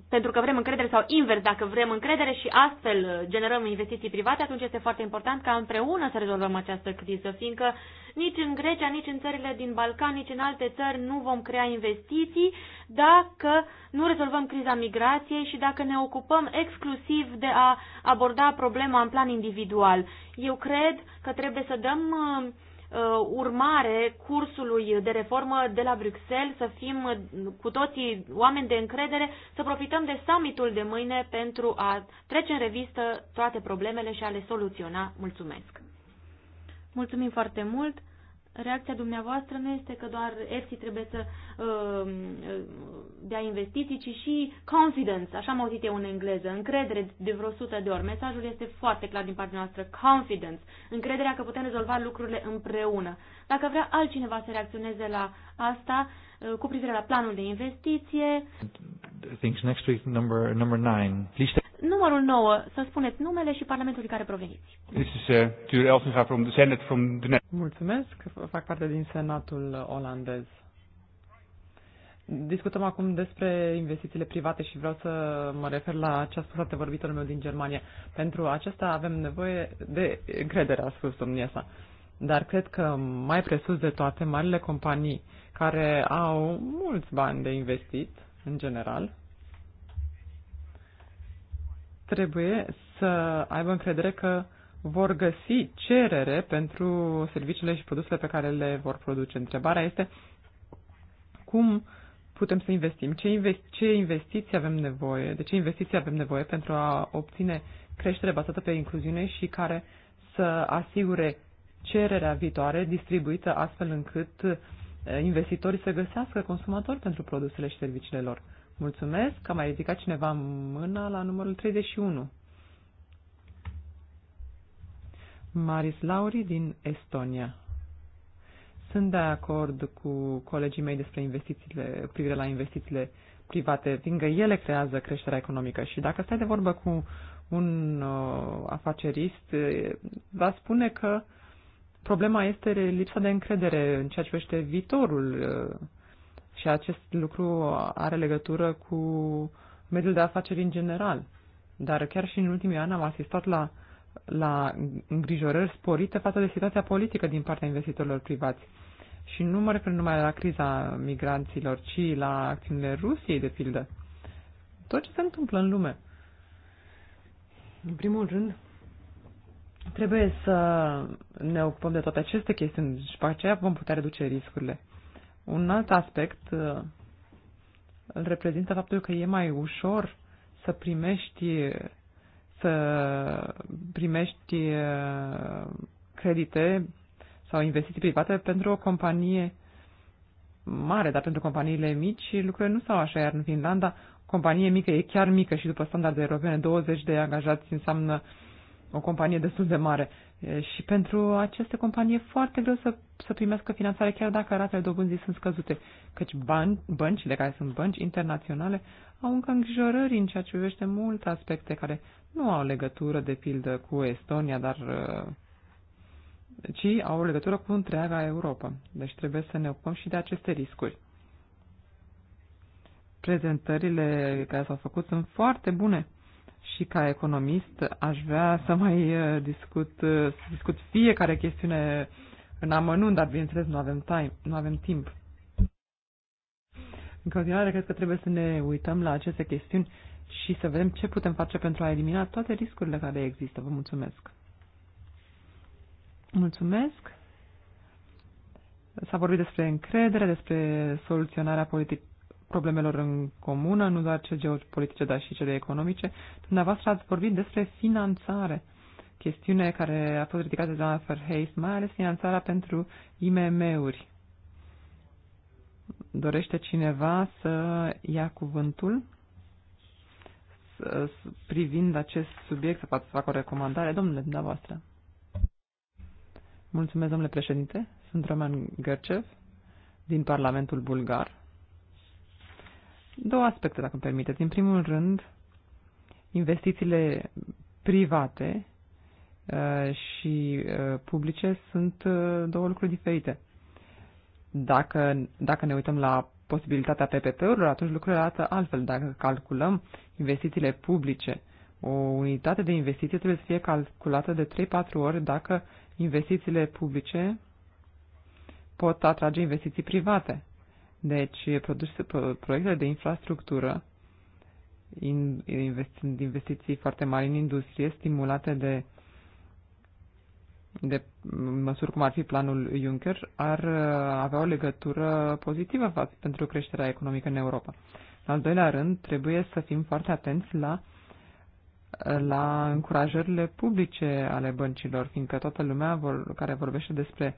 pentru că vrem încredere sau invers, dacă vrem încredere și astfel generăm investiții private, atunci este foarte important ca împreună să rezolvăm această criză, fiindcă nici în Grecia, nici în țările din Balcan, nici în alte țări nu vom crea investiții dacă nu rezolvăm criza migrației și dacă ne ocupăm exclusiv de a aborda problema în plan individual. Eu cred că trebuie să dăm uh, Uh, urmare cursului de reformă de la Bruxelles, să fim cu toții oameni de încredere, să profităm de summitul de mâine pentru a trece în revistă toate problemele și a le soluționa. Mulțumesc! Mulțumim foarte mult! reacția dumneavoastră nu este că doar EFSI trebuie să uh, uh, dea investiții, ci și confidence, așa am auzit eu în engleză, încredere de vreo sută de ori. Mesajul este foarte clar din partea noastră, confidence, încrederea că putem rezolva lucrurile împreună. Dacă vrea altcineva să reacționeze la asta, uh, cu privire la planul de investiție... I think next week number, number nine. Please Numărul 9, să spuneți numele și parlamentul din care proveniți. This is uh, Ture from the Senate from the Mulțumesc, fac parte din Senatul olandez. Discutăm acum despre investițiile private și vreau să mă refer la ce a spus vorbitorul meu din Germania. Pentru acesta avem nevoie de încredere, a spus domnia sa. Dar cred că mai presus de toate, marile companii care au mulți bani de investit, în general, trebuie să aibă încredere că vor găsi cerere pentru serviciile și produsele pe care le vor produce. Întrebarea este cum putem să investim, ce, investi- ce investiții avem nevoie, de ce investiții avem nevoie pentru a obține creștere bazată pe incluziune și care să asigure cererea viitoare distribuită astfel încât eh, investitorii să găsească consumatori pentru produsele și serviciile lor. Mulțumesc. A mai ridicat cineva mâna la numărul 31. Maris Lauri din Estonia. Sunt de acord cu colegii mei despre investițiile, privire la investițiile private, fiindcă ele creează creșterea economică și dacă stai de vorbă cu un uh, afacerist, uh, va spune că problema este lipsa de încredere în ceea ce vește viitorul uh, și acest lucru are legătură cu mediul de afaceri în general. Dar chiar și în ultimii ani am asistat la, la îngrijorări sporite față de situația politică din partea investitorilor privați. Și nu mă refer numai la criza migranților, ci la acțiunile Rusiei, de pildă. Tot ce se întâmplă în lume. În primul rând, trebuie să ne ocupăm de toate aceste chestiuni și pe aceea vom putea reduce riscurile. Un alt aspect uh, îl reprezintă faptul că e mai ușor să primești să primești uh, credite sau investiții private pentru o companie mare, dar pentru companiile mici lucrurile nu s-au așa, iar în Finlanda companie mică e chiar mică și după standarde europene 20 de angajați înseamnă o companie destul de mare și pentru aceste companii e foarte greu să, să primească finanțare, chiar dacă ratele dobânzii sunt scăzute, căci ban, băncile, care sunt bănci internaționale, au încă îngrijorări în ceea ce privește multe aspecte care nu au legătură, de pildă, cu Estonia, dar uh, ci au legătură cu întreaga Europa. Deci trebuie să ne ocupăm și de aceste riscuri. Prezentările care s-au făcut sunt foarte bune și ca economist aș vrea să mai uh, discut, uh, să discut fiecare chestiune în amănunt, dar bineînțeles nu avem, time, nu avem timp. În continuare, cred că trebuie să ne uităm la aceste chestiuni și să vedem ce putem face pentru a elimina toate riscurile care există. Vă mulțumesc! Mulțumesc! S-a vorbit despre încredere, despre soluționarea politic problemelor în comună, nu doar cele geopolitice, dar și cele economice. Dumneavoastră ați vorbit despre finanțare, chestiune care a fost ridicată de doamna Ferheis, mai ales finanțarea pentru IMM-uri. Dorește cineva să ia cuvântul privind acest subiect, să poată să facă o recomandare? Domnule, dumneavoastră. Mulțumesc, domnule președinte. Sunt Roman Gărcev din Parlamentul Bulgar două aspecte, dacă îmi permiteți. În primul rând, investițiile private uh, și uh, publice sunt uh, două lucruri diferite. Dacă, dacă ne uităm la posibilitatea PPP-urilor, atunci lucrurile arată altfel. Dacă calculăm investițiile publice, o unitate de investiție trebuie să fie calculată de 3-4 ori dacă investițiile publice pot atrage investiții private. Deci, produse, proiectele de infrastructură, investi- investiții foarte mari în industrie, stimulate de, de măsuri cum ar fi planul Juncker, ar uh, avea o legătură pozitivă față pentru creșterea economică în Europa. În al doilea rând, trebuie să fim foarte atenți la la încurajările publice ale băncilor, fiindcă toată lumea vor, care vorbește despre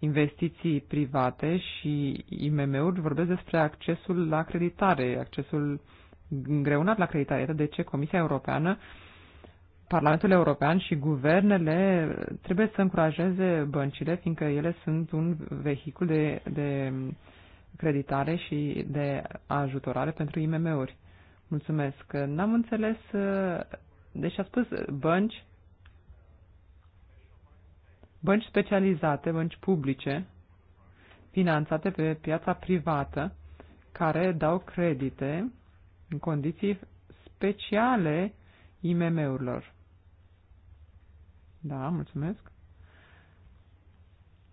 investiții private și IMM-uri, vorbesc despre accesul la creditare, accesul îngreunat la creditare. de ce Comisia Europeană, Parlamentul European și guvernele trebuie să încurajeze băncile, fiindcă ele sunt un vehicul de, de creditare și de ajutorare pentru IMM-uri. Mulțumesc. N-am înțeles, deci a spus bănci, bănci specializate, bănci publice, finanțate pe piața privată, care dau credite în condiții speciale IMM-urilor. Da, mulțumesc.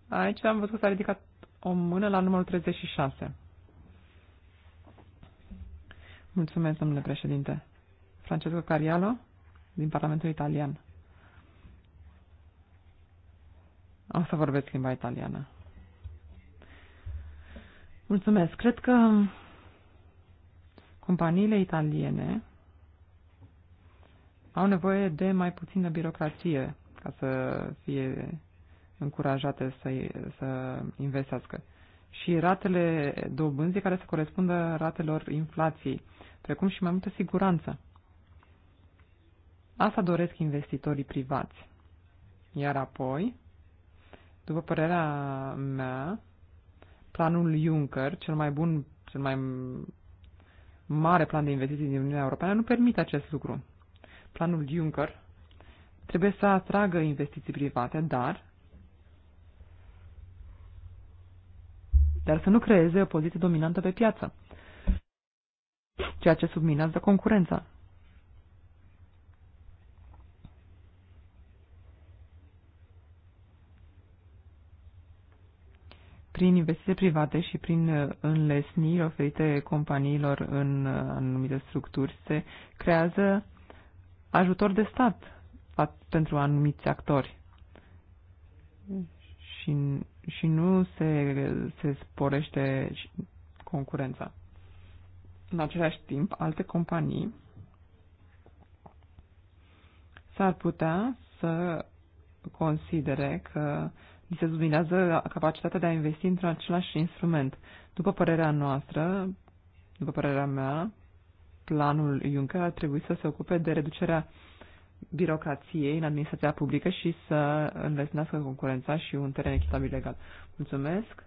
Aici am văzut că s-a ridicat o mână la numărul 36. Mulțumesc, domnule președinte. Francesco Cariano, din Parlamentul Italian. O să vorbesc limba italiană. Mulțumesc. Cred că companiile italiene au nevoie de mai puțină birocrație ca să fie încurajate să, să investească. Și ratele dobânzii care să corespundă ratelor inflației, precum și mai multă siguranță. Asta doresc investitorii privați. Iar apoi, după părerea mea, planul Juncker, cel mai bun, cel mai mare plan de investiții din Uniunea Europeană, nu permite acest lucru. Planul Juncker trebuie să atragă investiții private, dar dar să nu creeze o poziție dominantă pe piață, ceea ce subminează concurența. prin investiții private și prin uh, înlesniri oferite companiilor în uh, anumite structuri, se creează ajutor de stat pentru anumiți actori. Și, și nu se, se sporește concurența. În același timp, alte companii s-ar putea să considere că uh, li se subminează capacitatea de a investi într-un același instrument. După părerea noastră, după părerea mea, planul Juncker ar trebui să se ocupe de reducerea birocrației în administrația publică și să înlesnească concurența și un teren echitabil legal. Mulțumesc!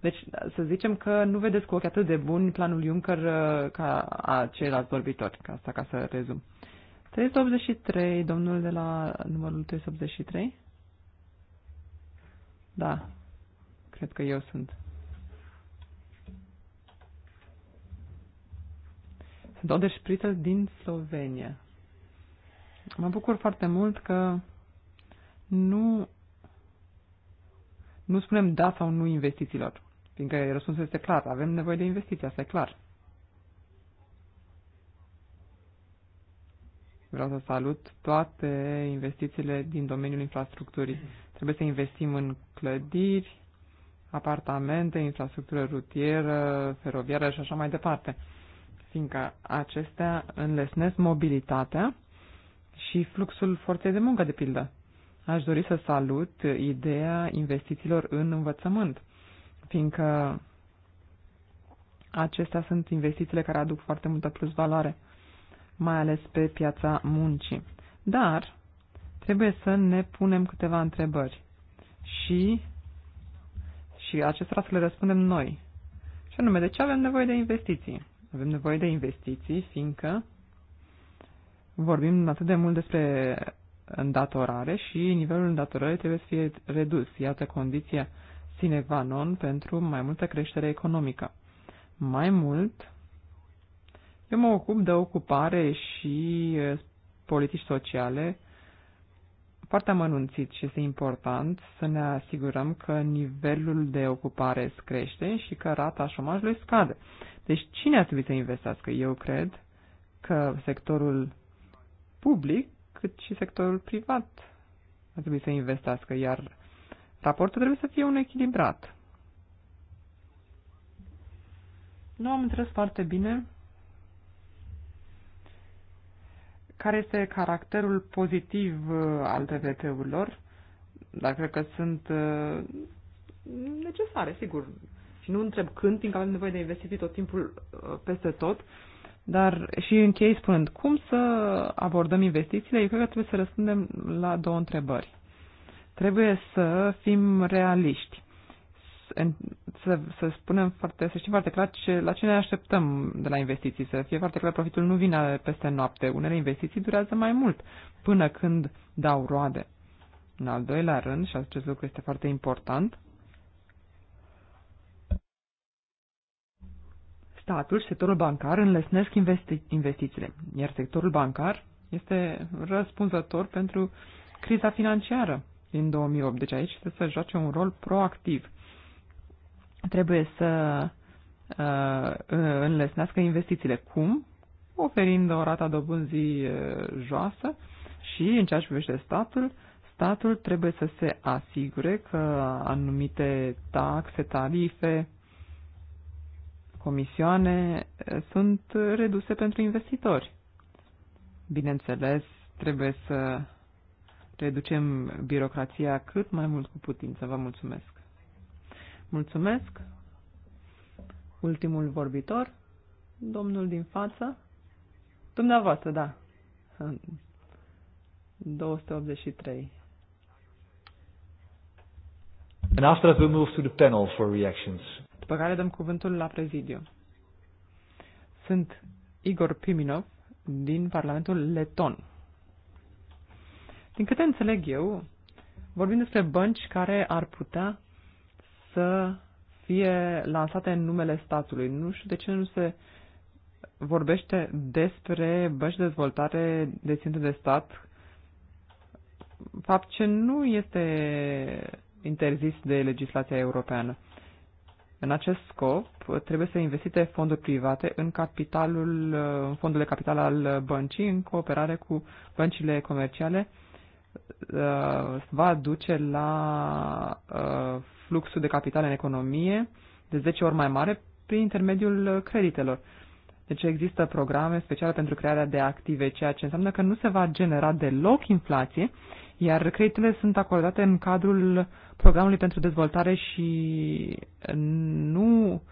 Deci, să zicem că nu vedeți cu ochi atât de buni planul Juncker uh, ca a ceilalți vorbitori, ca asta ca să rezum. 383, domnul de la numărul 383. Da, cred că eu sunt. Sunt o Spritel din Slovenia. Mă bucur foarte mult că nu, nu spunem da sau nu investițiilor, fiindcă răspunsul este clar. Avem nevoie de investiții, asta e clar. Vreau să salut toate investițiile din domeniul infrastructurii Trebuie să investim în clădiri, apartamente, infrastructură rutieră, feroviară și așa mai departe, fiindcă acestea înlesnesc mobilitatea și fluxul forței de muncă, de pildă. Aș dori să salut ideea investițiilor în învățământ, fiindcă acestea sunt investițiile care aduc foarte multă plus valoare, mai ales pe piața muncii. Dar Trebuie să ne punem câteva întrebări și, și acestora să le răspundem noi. Și anume, de ce avem nevoie de investiții? Avem nevoie de investiții fiindcă vorbim atât de mult despre îndatorare și nivelul îndatorării trebuie să fie redus. Iată condiția sine qua non pentru mai multă creștere economică. Mai mult, eu mă ocup de ocupare și eh, politici sociale foarte amănunțit și este important să ne asigurăm că nivelul de ocupare crește și că rata șomajului scade. Deci cine ar trebui să investească? Eu cred că sectorul public cât și sectorul privat ar trebui să investească, iar raportul trebuie să fie un echilibrat. Nu am înțeles foarte bine care este caracterul pozitiv uh, al TVP-urilor, dar cred că sunt uh, necesare, sigur. Și nu întreb când, fiindcă avem nevoie de investiții tot timpul uh, peste tot, dar și închei spunând cum să abordăm investițiile, eu cred că trebuie să răspundem la două întrebări. Trebuie să fim realiști să, să spunem foarte, să știm foarte clar ce, la ce ne așteptăm de la investiții, să fie foarte clar profitul nu vine peste noapte. Unele investiții durează mai mult până când dau roade. În al doilea rând, și acest lucru este foarte important, statul și sectorul bancar înlesnesc investi- investițiile, iar sectorul bancar este răspunzător pentru criza financiară din 2008. Deci aici trebuie să joace un rol proactiv trebuie să uh, uh, înlesnească investițiile. Cum? Oferind o rata dobânzii uh, joasă și, în ceea ce privește statul, statul trebuie să se asigure că anumite taxe, tarife, comisioane uh, sunt reduse pentru investitori. Bineînțeles, trebuie să reducem birocrația cât mai mult cu putință. Vă mulțumesc. Mulțumesc. Ultimul vorbitor, domnul din față. Dumneavoastră, da. 283. And after that, we move to the panel for reactions. După care dăm cuvântul la prezidiu. Sunt Igor Piminov din Parlamentul Leton. Din câte înțeleg eu, vorbim despre bănci care ar putea să fie lansate în numele statului. Nu știu de ce nu se vorbește despre băși de dezvoltare deținute de stat, fapt ce nu este interzis de legislația europeană. În acest scop, trebuie să investite fonduri private în capitalul, în fondurile capital al băncii, în cooperare cu băncile comerciale, Uh, va duce la uh, fluxul de capital în economie de 10 ori mai mare prin intermediul creditelor. Deci există programe speciale pentru crearea de active, ceea ce înseamnă că nu se va genera deloc inflație, iar creditele sunt acordate în cadrul programului pentru dezvoltare și nu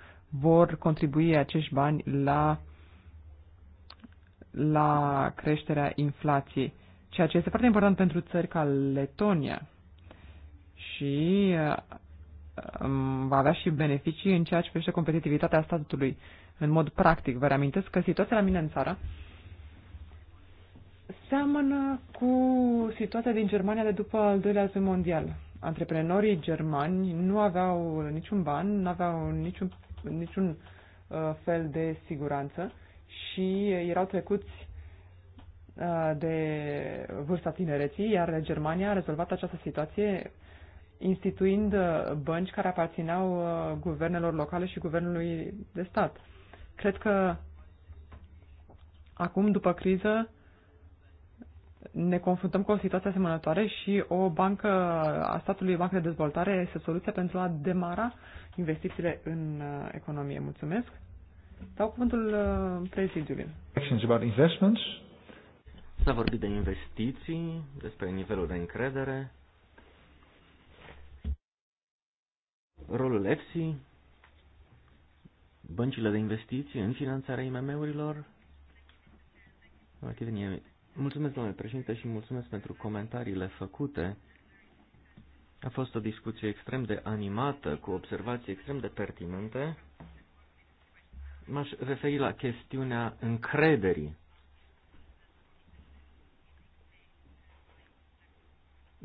vor contribui acești bani la, la creșterea inflației ceea ce este foarte important pentru țări ca Letonia și uh, um, va avea și beneficii în ceea ce privește competitivitatea statului în mod practic. Vă reamintesc că situația la mine în țară seamănă cu situația din Germania de după al doilea război mondial. Antreprenorii germani nu aveau niciun ban, nu aveau niciun, niciun uh, fel de siguranță și erau trecuți Uh, de vârsta tinereții, iar Germania a rezolvat această situație instituind uh, bănci care aparțineau uh, guvernelor locale și guvernului de stat. Cred că acum, după criză, ne confruntăm cu o situație asemănătoare și o bancă a statului, bancă de dezvoltare, este soluția pentru a demara investițiile în economie. Mulțumesc. Dau cuvântul prezidiului. About investments. S-a vorbit de investiții, despre nivelul de încredere, rolul EFSI, băncile de investiții în finanțarea IMM-urilor. Mulțumesc, domnule președinte, și mulțumesc pentru comentariile făcute. A fost o discuție extrem de animată, cu observații extrem de pertinente. M-aș referi la chestiunea încrederii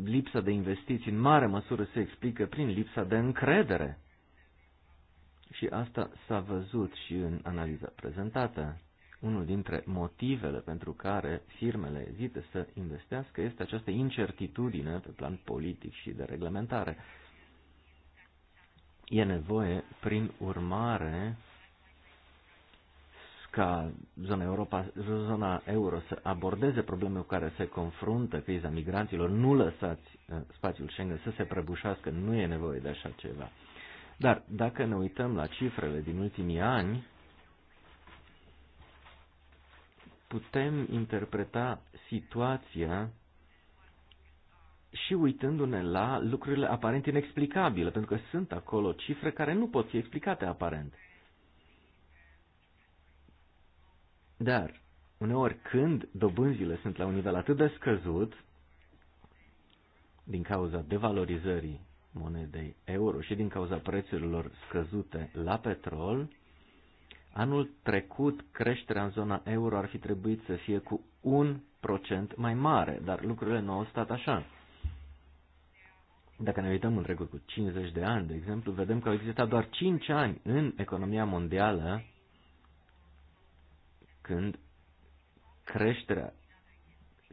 lipsa de investiții în mare măsură se explică prin lipsa de încredere. Și asta s-a văzut și în analiza prezentată. Unul dintre motivele pentru care firmele ezită să investească este această incertitudine pe plan politic și de reglementare. E nevoie, prin urmare, ca zona, Europa, zona euro să abordeze probleme cu care se confruntă criza migranților, nu lăsați uh, spațiul Schengen să se prăbușească, nu e nevoie de așa ceva. Dar dacă ne uităm la cifrele din ultimii ani, putem interpreta situația și uitându-ne la lucrurile aparent inexplicabile, pentru că sunt acolo cifre care nu pot fi explicate aparent. Dar, uneori, când dobânzile sunt la un nivel atât de scăzut, din cauza devalorizării monedei euro și din cauza prețurilor scăzute la petrol, anul trecut creșterea în zona euro ar fi trebuit să fie cu 1% mai mare, dar lucrurile nu au stat așa. Dacă ne uităm în trecut cu 50 de ani, de exemplu, vedem că au existat doar 5 ani în economia mondială când creșterea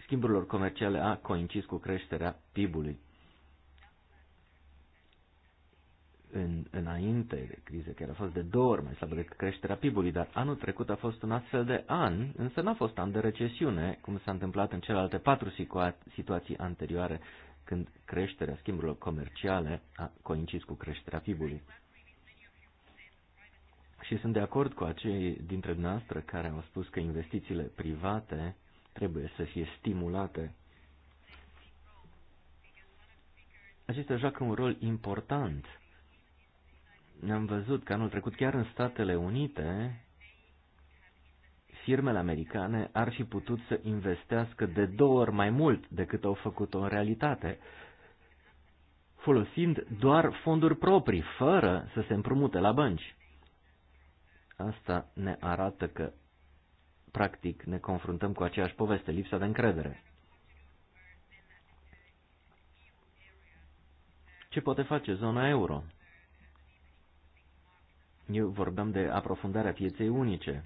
schimburilor comerciale a coincis cu creșterea PIB-ului. În, înainte de criză, care a fost de două ori mai slabă decât creșterea PIB-ului, dar anul trecut a fost un astfel de an, însă n-a fost an de recesiune, cum s-a întâmplat în celelalte patru situații anterioare, când creșterea schimburilor comerciale a coincis cu creșterea PIB-ului. Și sunt de acord cu acei dintre noastre care au spus că investițiile private trebuie să fie stimulate. Acestea joacă un rol important. Ne-am văzut că anul trecut chiar în Statele Unite firmele americane ar fi putut să investească de două ori mai mult decât au făcut-o în realitate, folosind doar fonduri proprii, fără să se împrumute la bănci. Asta ne arată că, practic, ne confruntăm cu aceeași poveste, lipsa de încredere. Ce poate face zona euro? Eu vorbeam de aprofundarea pieței unice.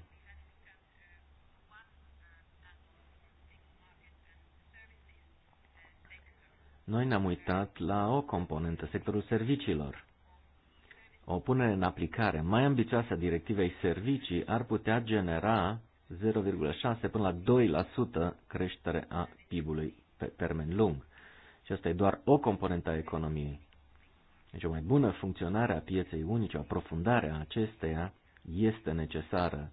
Noi ne-am uitat la o componentă, sectorul serviciilor o punere în aplicare mai ambițioasă a directivei servicii ar putea genera 0,6 până la 2% creștere a PIB-ului pe termen lung. Și asta e doar o componentă a economiei. Deci o mai bună funcționare a pieței unice, o aprofundare a acesteia este necesară.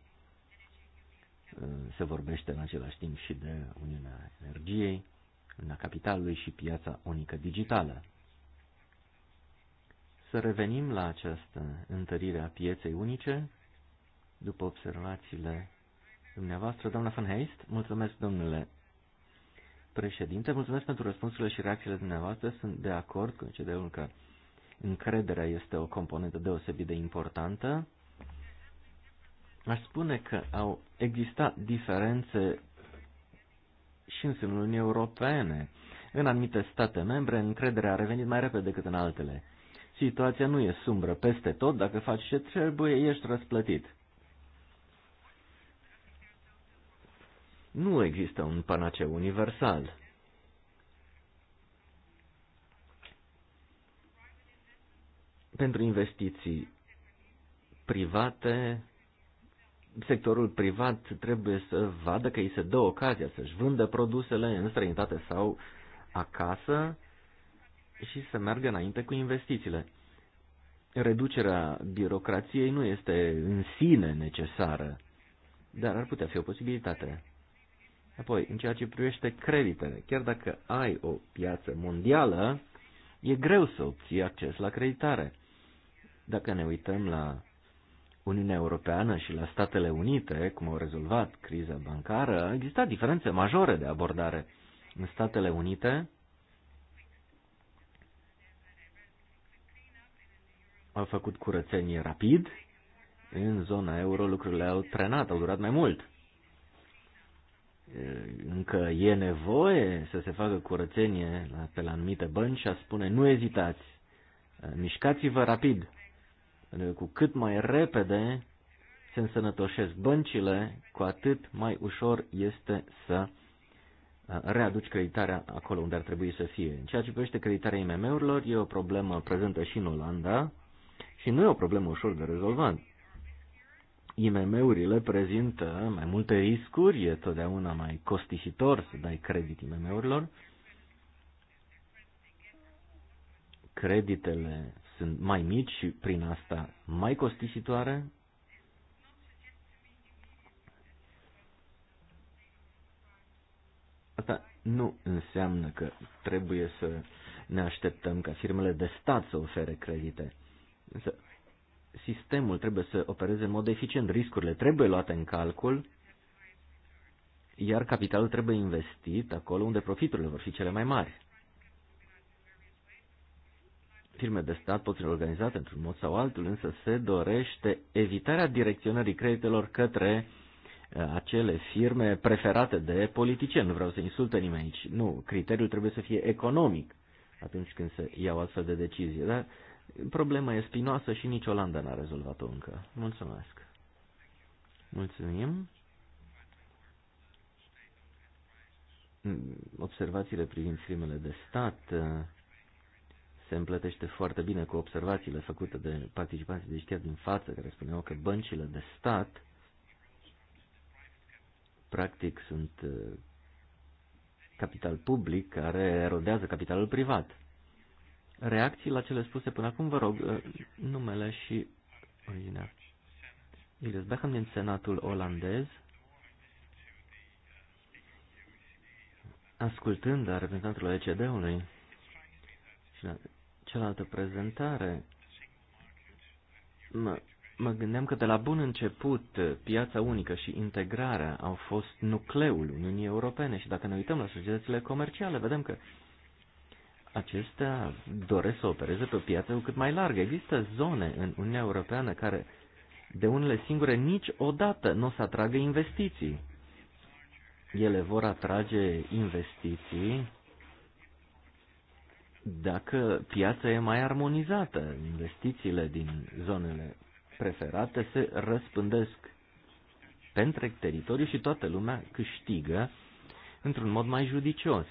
Se vorbește în același timp și de Uniunea Energiei, Uniunea Capitalului și piața unică digitală să revenim la această întărire a pieței unice, după observațiile dumneavoastră. Doamna Van Heist, mulțumesc, domnule președinte, mulțumesc pentru răspunsurile și reacțiile dumneavoastră. Sunt de acord cu CDU-ul că încrederea este o componentă deosebit de importantă. Aș spune că au existat diferențe și în sânul Uniunii Europene. În anumite state membre, încrederea a revenit mai repede decât în altele situația nu e sumbră peste tot, dacă faci ce trebuie, ești răsplătit. Nu există un panaceu universal. Pentru investiții private, sectorul privat trebuie să vadă că îi se dă ocazia să-și vândă produsele în străinătate sau acasă, și să meargă înainte cu investițiile. Reducerea birocrației nu este în sine necesară, dar ar putea fi o posibilitate. Apoi, în ceea ce privește creditele, chiar dacă ai o piață mondială, e greu să obții acces la creditare. Dacă ne uităm la Uniunea Europeană și la Statele Unite, cum au rezolvat criza bancară, există diferențe majore de abordare. În Statele Unite, au făcut curățenie rapid, în zona euro lucrurile au trenat, au durat mai mult. Încă e nevoie să se facă curățenie pe la anumite bănci și a spune nu ezitați, mișcați-vă rapid. Pentru că cu cât mai repede se însănătoșesc băncile, cu atât mai ușor este să readuci creditarea acolo unde ar trebui să fie. În ceea ce privește creditarea IMM-urilor, e o problemă prezentă și în Olanda, și nu e o problemă ușor de rezolvat. IMM-urile prezintă mai multe riscuri, e totdeauna mai costisitor să dai credit IMM-urilor. Creditele sunt mai mici și prin asta mai costisitoare. Asta nu înseamnă că trebuie să ne așteptăm ca firmele de stat să ofere credite Însă sistemul trebuie să opereze în mod eficient, riscurile trebuie luate în calcul, iar capitalul trebuie investit acolo unde profiturile vor fi cele mai mari. Firme de stat pot fi organizate într-un mod sau altul, însă se dorește evitarea direcționării creditelor către uh, acele firme preferate de politicieni. Nu vreau să insultă nimeni aici. Nu, criteriul trebuie să fie economic atunci când se iau astfel de decizie. Dar Problema e spinoasă și nici Olanda n-a rezolvat-o încă. Mulțumesc. Mulțumim. Observațiile privind crimele de stat uh, se împlătește foarte bine cu observațiile făcute de participanții de deci știa din față, care spuneau că băncile de stat practic sunt uh, capital public care erodează capitalul privat reacții la cele spuse până acum. Vă rog, uh, numele și originea. Julius Beckham din Senatul olandez. Ascultând a reprezentantului OECD-ului și la cealaltă prezentare, mă, mă gândeam că de la bun început uh, piața unică și integrarea au fost nucleul Uniunii Europene și dacă ne uităm la societățile comerciale, vedem că acestea doresc să opereze pe o piață cât mai largă. Există zone în Uniunea Europeană care de unele singure niciodată nu o să atragă investiții. Ele vor atrage investiții dacă piața e mai armonizată. Investițiile din zonele preferate se răspândesc pe întreg teritoriu și toată lumea câștigă într-un mod mai judicios.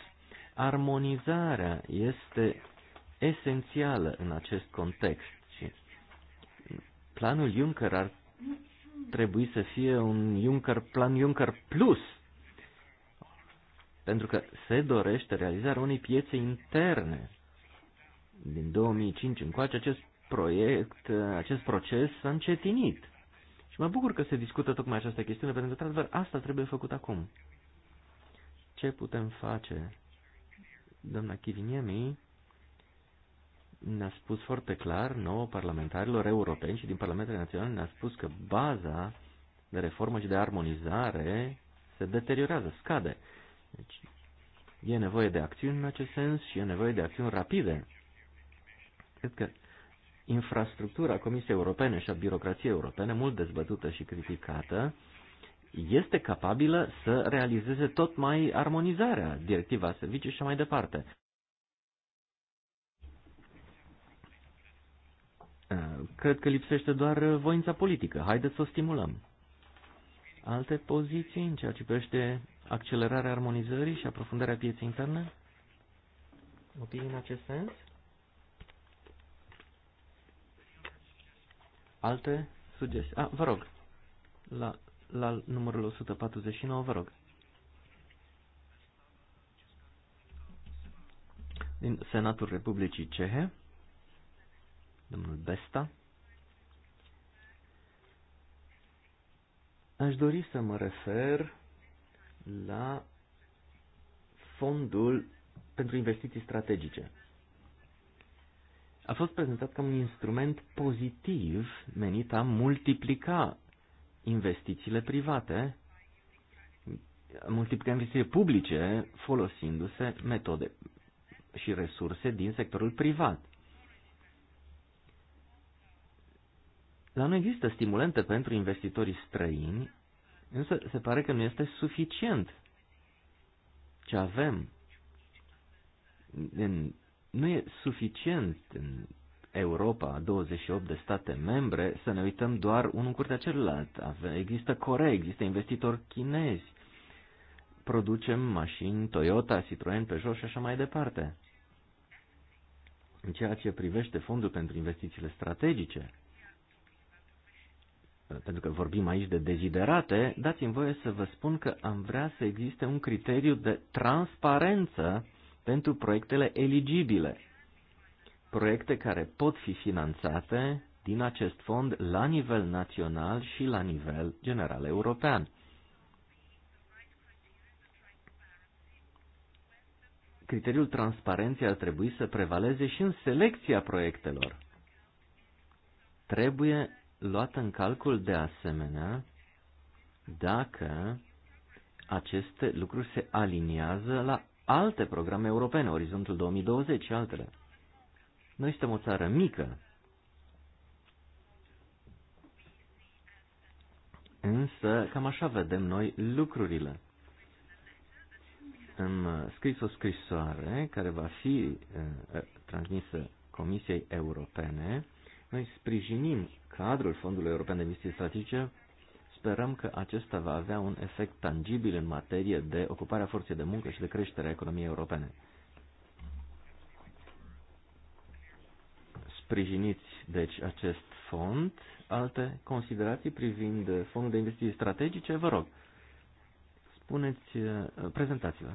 Armonizarea este esențială în acest context și planul Juncker ar trebui să fie un Juncker, plan Juncker plus, pentru că se dorește realizarea unei piețe interne. Din 2005 încoace acest proiect, acest proces s-a încetinit. Și mă bucur că se discută tocmai această chestiune, pentru că, într-adevăr, asta trebuie făcut acum. Ce putem face Doamna Chiriniemi ne-a spus foarte clar, nouă parlamentarilor europeni și din Parlamentele Naționale ne-a spus că baza de reformă și de armonizare se deteriorează, scade. Deci, e nevoie de acțiuni în acest sens și e nevoie de acțiuni rapide. Cred că infrastructura Comisiei Europene și a birocrației europene, mult dezbătută și criticată, este capabilă să realizeze tot mai armonizarea directiva serviciu și mai departe. Cred că lipsește doar voința politică. Haideți să o stimulăm. Alte poziții în ceea ce privește accelerarea armonizării și aprofundarea pieței interne? Opinii în acest sens? Alte sugestii? Ah, vă rog, la la numărul 149, vă rog. Din Senatul Republicii Cehe, domnul Besta. Aș dori să mă refer la fondul pentru investiții strategice. A fost prezentat ca un instrument pozitiv menit a multiplica investițiile private, multiplică investițiile publice folosindu-se metode și resurse din sectorul privat. Dar nu există stimulente pentru investitorii străini, însă se pare că nu este suficient ce avem. Nu e suficient în Europa, 28 de state membre, să ne uităm doar unul în curtea celălalt. Există Corea, există investitori chinezi. Producem mașini Toyota, Citroen, Peugeot și așa mai departe. În ceea ce privește fondul pentru investițiile strategice, pentru că vorbim aici de deziderate, dați-mi voie să vă spun că am vrea să existe un criteriu de transparență pentru proiectele eligibile proiecte care pot fi finanțate din acest fond la nivel național și la nivel general european. Criteriul transparenței ar trebui să prevaleze și în selecția proiectelor. Trebuie luat în calcul de asemenea dacă aceste lucruri se aliniază la alte programe europene, Orizontul 2020 și altele. Noi suntem o țară mică, însă cam așa vedem noi lucrurile. Am uh, scris o scrisoare care va fi uh, uh, transmisă Comisiei Europene. Noi sprijinim cadrul Fondului European de Investiții Strategice sperăm că acesta va avea un efect tangibil în materie de ocuparea forței de muncă și de creșterea economiei europene. sprijiniți deci acest fond. Alte considerații privind fondul de investiții strategice, vă rog, spuneți, eh, prezentați-vă.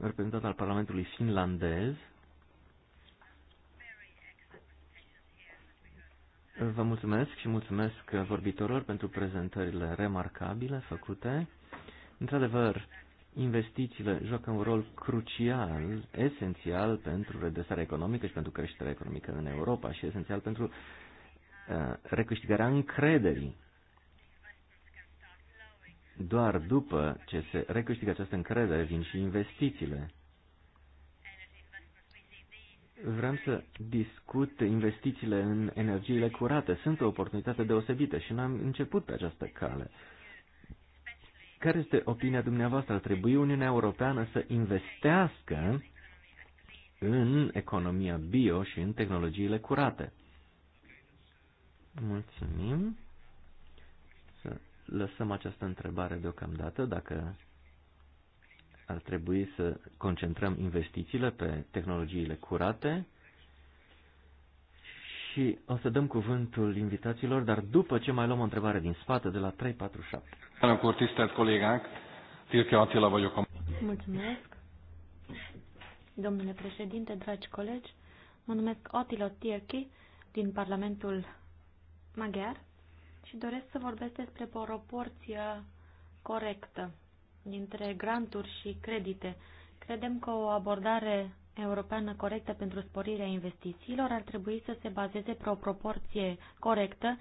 Reprezentat al Parlamentului finlandez, Vă mulțumesc și mulțumesc vorbitorilor pentru prezentările remarcabile făcute. Într-adevăr, investițiile joacă un rol crucial, esențial pentru redresarea economică și pentru creșterea economică în Europa și esențial pentru uh, recâștigarea încrederii. Doar după ce se recâștigă această încredere vin și investițiile. Vreau să discut investițiile în energiile curate. Sunt o oportunitate deosebită și noi am început pe această cale. Uh, care este opinia dumneavoastră? Ar trebui Uniunea Europeană să investească în economia bio și în tehnologiile curate. Mulțumim. Să lăsăm această întrebare deocamdată, dacă ar trebui să concentrăm investițiile pe tehnologiile curate. Și o să dăm cuvântul invitațiilor, dar după ce mai luăm o întrebare din spate de la 347. Elnök tisztelt kollégák! Tilke Attila vagyok a... Mulțumesc! Domnule președinte, dragi colegi, mă numesc Attila Tirchi din Parlamentul Maghiar și doresc să vorbesc despre proporția corectă dintre granturi și credite. Credem că o abordare europeană corectă pentru sporirea investițiilor ar trebui să se bazeze pe o proporție corectă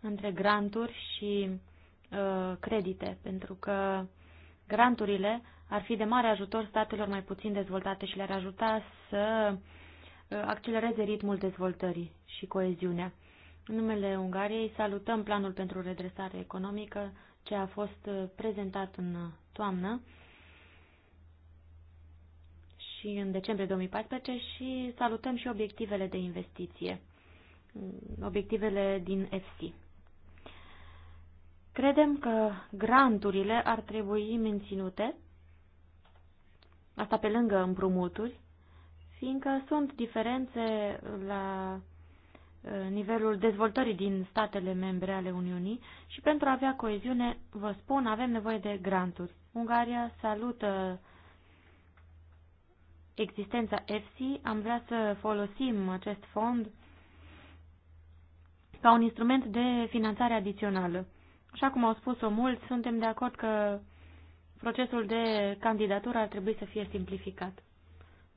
între granturi și Uh, credite, pentru că granturile ar fi de mare ajutor statelor mai puțin dezvoltate și le-ar ajuta să uh, accelereze ritmul dezvoltării și coeziunea. În numele Ungariei salutăm planul pentru redresare economică ce a fost uh, prezentat în toamnă și în decembrie 2014 și salutăm și obiectivele de investiție, mm, obiectivele din EFSI. Credem că granturile ar trebui menținute, asta pe lângă împrumuturi, fiindcă sunt diferențe la uh, nivelul dezvoltării din statele membre ale Uniunii și pentru a avea coeziune, vă spun, avem nevoie de granturi. Ungaria salută existența EFSI, am vrea să folosim acest fond ca un instrument de finanțare adițională. Așa cum au spus-o mulți, suntem de acord că procesul de candidatură ar trebui să fie simplificat.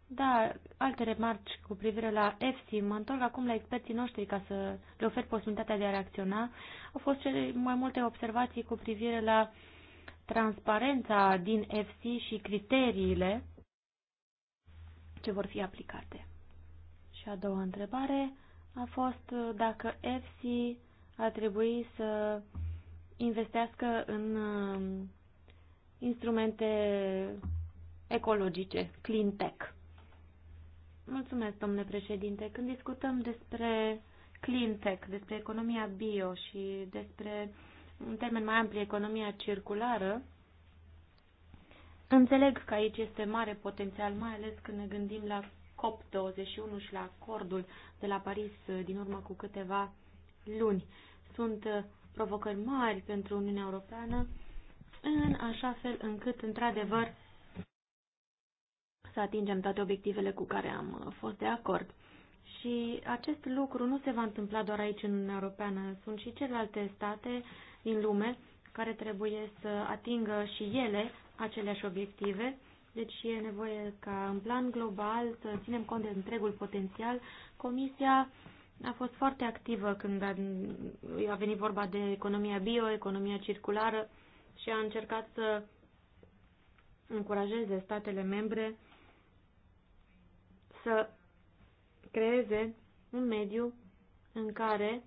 Da, alte remarci cu privire la EFSI, mă întorc acum la experții noștri ca să le ofer posibilitatea de a reacționa. Au fost cele mai multe observații cu privire la transparența din EFSI și criteriile ce vor fi aplicate. Și a doua întrebare a fost dacă EFSI ar trebui să investească în um, instrumente ecologice, clean tech. Mulțumesc, domnule președinte. Când discutăm despre clean tech, despre economia bio și despre, în termen mai ampli, economia circulară, înțeleg că aici este mare potențial, mai ales când ne gândim la COP21 și la acordul de la Paris uh, din urmă cu câteva luni. Sunt uh, provocări mari pentru Uniunea Europeană, în așa fel încât, într-adevăr, să atingem toate obiectivele cu care am fost de acord. Și acest lucru nu se va întâmpla doar aici în Uniunea Europeană. Sunt și celelalte state din lume care trebuie să atingă și ele aceleași obiective. Deci e nevoie ca în plan global să ținem cont de întregul potențial. Comisia a fost foarte activă când a, a venit vorba de economia bio, economia circulară și a încercat să încurajeze statele membre să creeze un mediu în care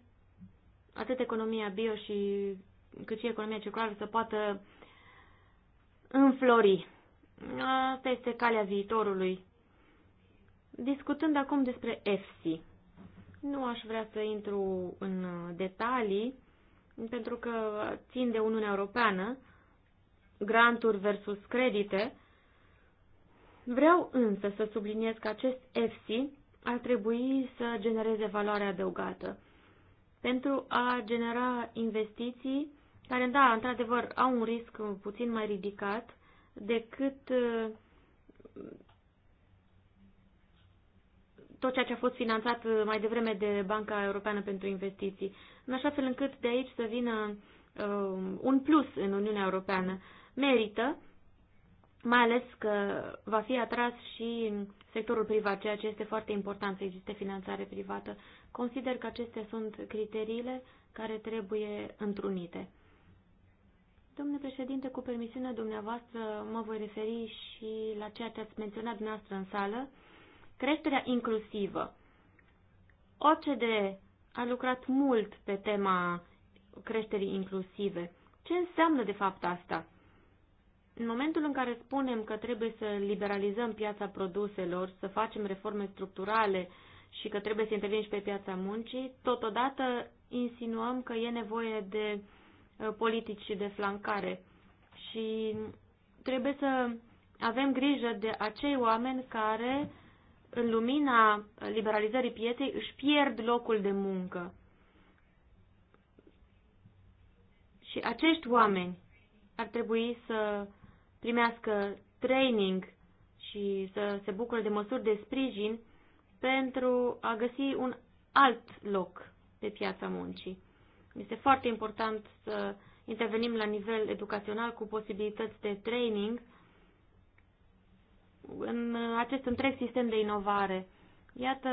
atât economia bio și cât și economia circulară să poată înflori. Asta este calea viitorului. Discutând acum despre EFSI, nu aș vrea să intru în detalii, pentru că țin de Uniunea Europeană, granturi versus credite. Vreau însă să subliniez că acest EFSI ar trebui să genereze valoare adăugată pentru a genera investiții care, da, într-adevăr, au un risc puțin mai ridicat decât tot ceea ce a fost finanțat uh, mai devreme de Banca Europeană pentru Investiții, în așa fel încât de aici să vină uh, un plus în Uniunea Europeană. Merită, mai ales că va fi atras și sectorul privat, ceea ce este foarte important să existe finanțare privată. Consider că acestea sunt criteriile care trebuie întrunite. Domnule președinte, cu permisiunea dumneavoastră mă voi referi și la ceea ce ați menționat dumneavoastră în sală, creșterea inclusivă. OCDE a lucrat mult pe tema creșterii inclusive. Ce înseamnă de fapt asta? În momentul în care spunem că trebuie să liberalizăm piața produselor, să facem reforme structurale și că trebuie să intervenim și pe piața muncii, totodată insinuăm că e nevoie de uh, politici de flancare și trebuie să avem grijă de acei oameni care uh, în lumina liberalizării pieței, își pierd locul de muncă. Și acești oameni ar trebui să primească training și să se bucure de măsuri de sprijin pentru a găsi un alt loc pe piața muncii. Este foarte important să intervenim la nivel educațional cu posibilități de training în acest întreg sistem de inovare. Iată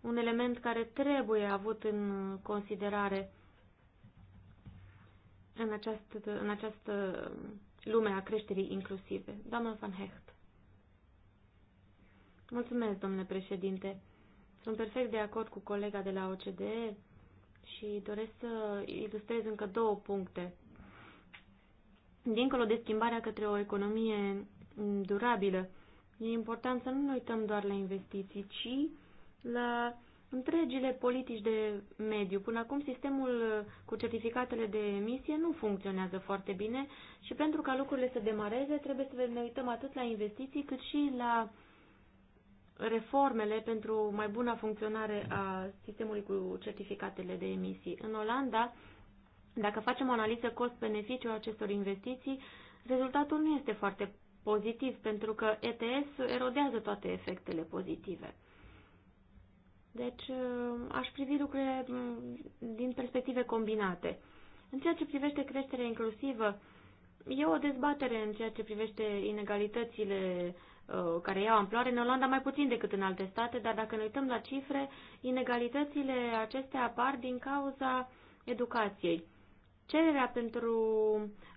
un element care trebuie avut în considerare în această, în această lume a creșterii inclusive. Doamna Van Hecht. Mulțumesc, domnule președinte. Sunt perfect de acord cu colega de la OCDE și doresc să ilustrez încă două puncte. Dincolo de schimbarea către o economie durabilă, E important să nu ne uităm doar la investiții, ci la întregile politici de mediu. Până acum sistemul cu certificatele de emisie nu funcționează foarte bine și pentru ca lucrurile să demareze trebuie să ne uităm atât la investiții cât și la reformele pentru mai bună funcționare a sistemului cu certificatele de emisii. În Olanda, dacă facem o analiză cost-beneficiu a acestor investiții, rezultatul nu este foarte pozitiv, pentru că ETS erodează toate efectele pozitive. Deci uh, aș privi lucrurile mm, din perspective combinate. În ceea ce privește creșterea inclusivă, e o dezbatere în ceea ce privește inegalitățile uh, care iau amploare în Olanda mai puțin decât în alte state, dar dacă ne uităm la cifre, inegalitățile acestea apar din cauza educației. Cererea pentru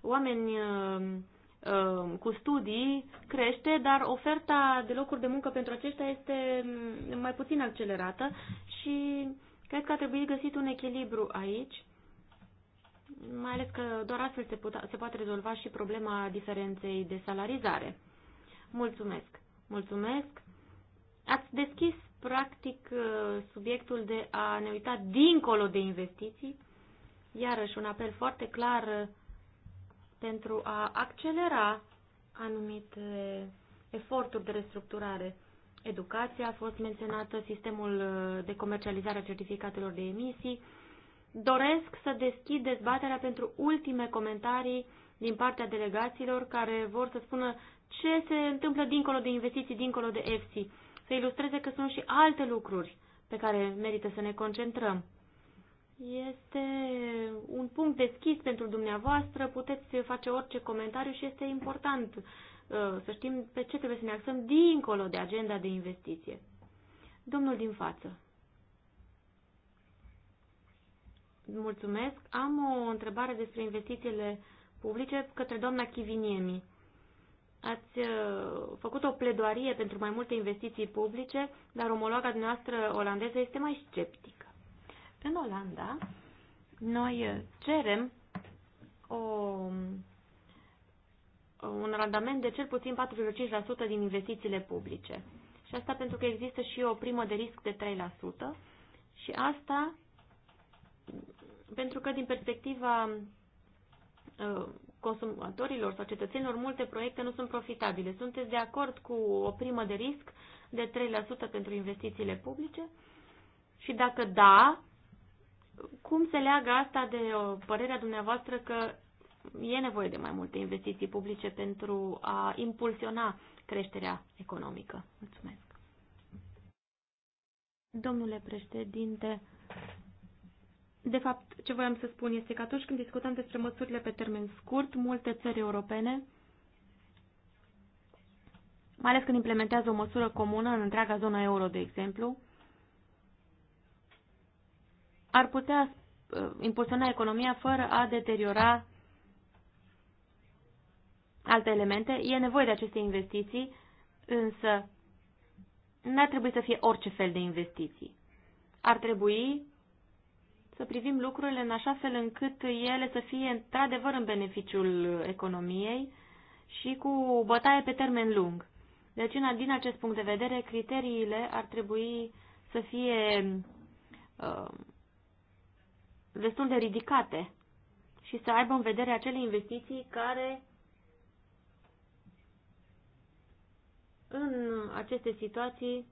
oameni uh, Um, cu studii crește, dar oferta de locuri de muncă pentru aceștia este mm, mai puțin accelerată și cred că a trebuit găsit un echilibru aici, mai ales că doar astfel se, se poate rezolva și problema diferenței de salarizare. Mulțumesc! Mulțumesc! Ați deschis, practic, uh, subiectul de a ne uita dincolo de investiții. Iarăși, un apel foarte clar uh, pentru a accelera anumite eforturi de restructurare. Educația a fost menționată, sistemul uh, de comercializare a certificatelor de emisii. Doresc să deschid dezbaterea pentru ultime comentarii din partea delegaților care vor să spună ce se întâmplă dincolo de investiții, dincolo de EFSI, să ilustreze că sunt și alte lucruri pe care merită să ne concentrăm. Este un punct deschis pentru dumneavoastră, puteți face orice comentariu și este important uh, să știm pe ce trebuie să ne axăm dincolo de agenda de investiție. Domnul din față. Mulțumesc. Am o întrebare despre investițiile publice către doamna Chiviniemi. Ați uh, făcut o pledoarie pentru mai multe investiții publice, dar omologa dumneavoastră olandeză este mai sceptic. În Olanda, noi eh, cerem o, un randament de cel puțin 4,5% din investițiile publice. Și asta pentru că există și o primă de risc de 3%. Și asta pentru că din perspectiva eh, consumatorilor sau cetățenilor, multe proiecte nu sunt profitabile. Sunteți de acord cu o primă de risc de 3% pentru investițiile publice? Și dacă da, cum se leagă asta de o uh, părerea dumneavoastră că e nevoie de mai multe investiții publice pentru a impulsiona creșterea economică? Mulțumesc. Domnule președinte, de fapt, ce voiam să spun este că atunci când discutăm despre măsurile pe termen scurt, multe țări europene, mai ales când implementează o măsură comună în întreaga zonă euro, de exemplu, ar putea uh, impulsiona economia fără a deteriora alte elemente. E nevoie de aceste investiții, însă nu ar trebui să fie orice fel de investiții. Ar trebui să privim lucrurile în așa fel încât ele să fie într-adevăr în beneficiul economiei și cu bătaie pe termen lung. Deci, din acest punct de vedere, criteriile ar trebui să fie uh, destul de ridicate și să aibă în vedere acele investiții care în aceste situații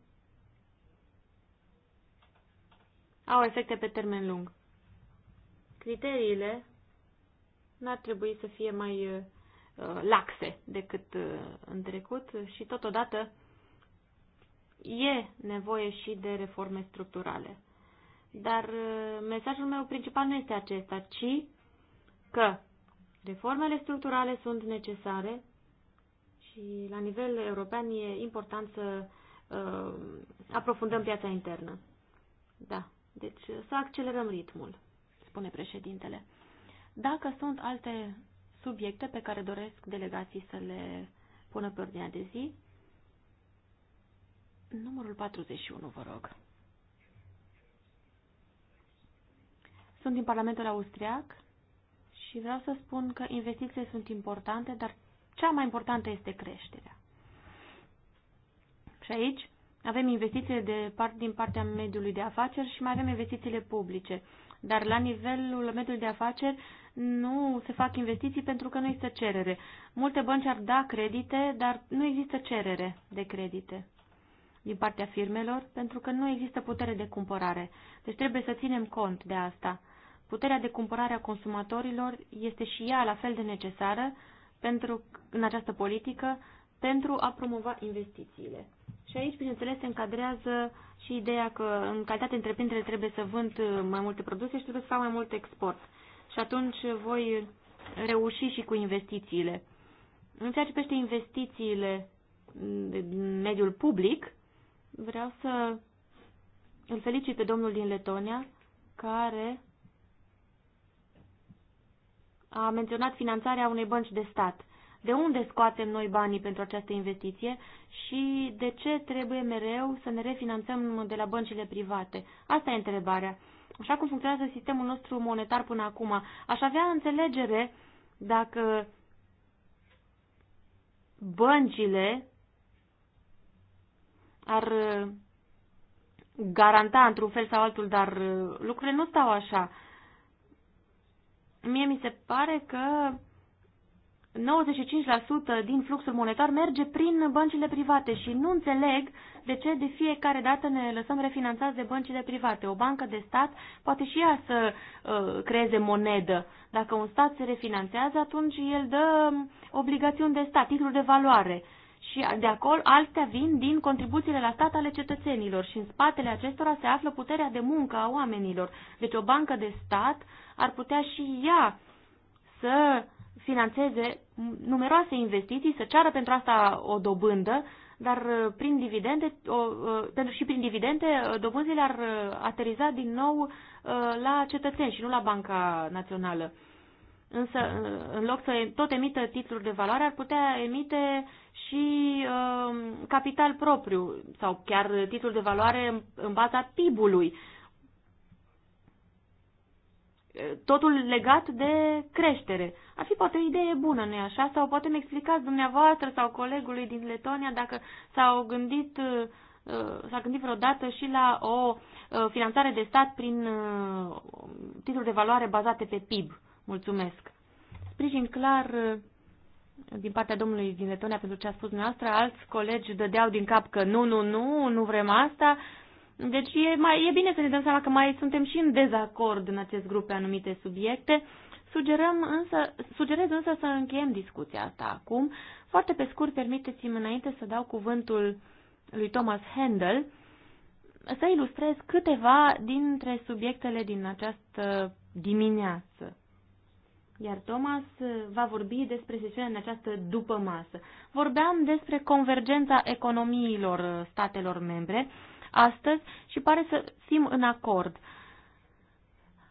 au efecte pe termen lung. Criteriile n-ar trebui să fie mai uh, laxe decât uh, în trecut și totodată e nevoie și de reforme structurale. Dar uh, mesajul meu principal nu este acesta, ci că reformele structurale sunt necesare și la nivel european e important să uh, aprofundăm piața internă. Da, deci să accelerăm ritmul, spune președintele. Dacă sunt alte subiecte pe care doresc delegații să le pună pe ordinea de zi, numărul 41, vă rog. Sunt din Parlamentul Austriac și vreau să spun că investițiile sunt importante, dar cea mai importantă este creșterea. Și aici avem investițiile de part, din partea mediului de afaceri și mai avem investițiile publice. Dar la nivelul mediului de afaceri nu se fac investiții pentru că nu există cerere. Multe bănci ar da credite, dar nu există cerere de credite din partea firmelor pentru că nu există putere de cumpărare. Deci trebuie să ținem cont de asta. Puterea de cumpărare a consumatorilor este și ea la fel de necesară pentru, în această politică pentru a promova investițiile. Și aici, bineînțeles, se încadrează și ideea că în calitate întreprindere trebuie să vând mai multe produse și trebuie să fac mai mult export. Și atunci voi reuși și cu investițiile. În ceea ce privește investițiile în mediul public, vreau să îl felicit pe domnul din Letonia, care a menționat finanțarea unei bănci de stat. De unde scoatem noi banii pentru această investiție și de ce trebuie mereu să ne refinanțăm de la băncile private? Asta e întrebarea. Așa cum funcționează sistemul nostru monetar până acum, aș avea înțelegere dacă băncile ar uh, garanta într-un fel sau altul, dar uh, lucrurile nu stau așa mie mi se pare că 95% din fluxul monetar merge prin băncile private și nu înțeleg de ce de fiecare dată ne lăsăm refinanțați de băncile private. O bancă de stat poate și ea să uh, creeze monedă. Dacă un stat se refinanțează, atunci el dă obligațiuni de stat, titluri de valoare. Și de acolo altea vin din contribuțiile la stat ale cetățenilor și în spatele acestora se află puterea de muncă a oamenilor. Deci o bancă de stat uh, ar putea și ea să financeze numeroase investiții, să ceară pentru asta o dobândă, dar uh, prin dividende, o, uh, pentru și prin dividende, uh, dobânzile ar ateriza din nou la cetățeni și nu la Banca Națională. Însă, în loc să tot emită titluri de valoare, ar putea emite și uh, capital propriu sau chiar titluri de valoare în baza PIB-ului. Uh, totul legat de creștere. Ar fi poate o idee bună, nu-i așa? Sau poate mi explicați dumneavoastră sau colegului din Letonia dacă s-au gândit, uh, s-a gândit vreodată și la o uh, finanțare de stat prin uh, titluri de valoare bazate pe PIB. Mulțumesc. Sprijin clar din partea domnului din Letonia pentru ce a spus dumneavoastră, alți colegi dădeau din cap că nu, nu, nu, nu vrem asta, deci e, mai, e bine să ne dăm seama că mai suntem și în dezacord în acest grup pe anumite subiecte. Sugerăm însă, sugerez însă să încheiem discuția asta acum. Foarte pe scurt, permiteți-mi înainte să dau cuvântul lui Thomas Handel să ilustrez câteva dintre subiectele din această dimineață. Iar Thomas va vorbi despre sesiunea în această după masă. Vorbeam despre convergența economiilor statelor membre, astăzi și pare să fim în acord.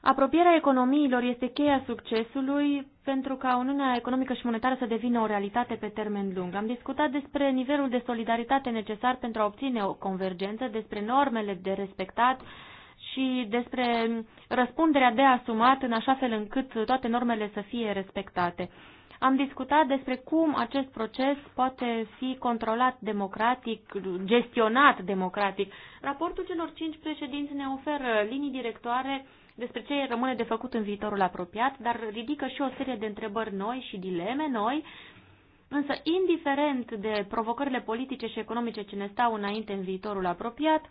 Apropierea economiilor este cheia succesului pentru ca Uniunea Economică și Monetară să devină o realitate pe termen lung. Am discutat despre nivelul de solidaritate necesar pentru a obține o convergență, despre normele de respectat și despre răspunderea de asumat în așa fel încât toate normele să fie respectate. Am discutat despre cum acest proces poate fi controlat democratic, gestionat democratic. Raportul celor cinci președinți ne oferă linii directoare despre ce rămâne de făcut în viitorul apropiat, dar ridică și o serie de întrebări noi și dileme noi, însă indiferent de provocările politice și economice ce ne stau înainte în viitorul apropiat,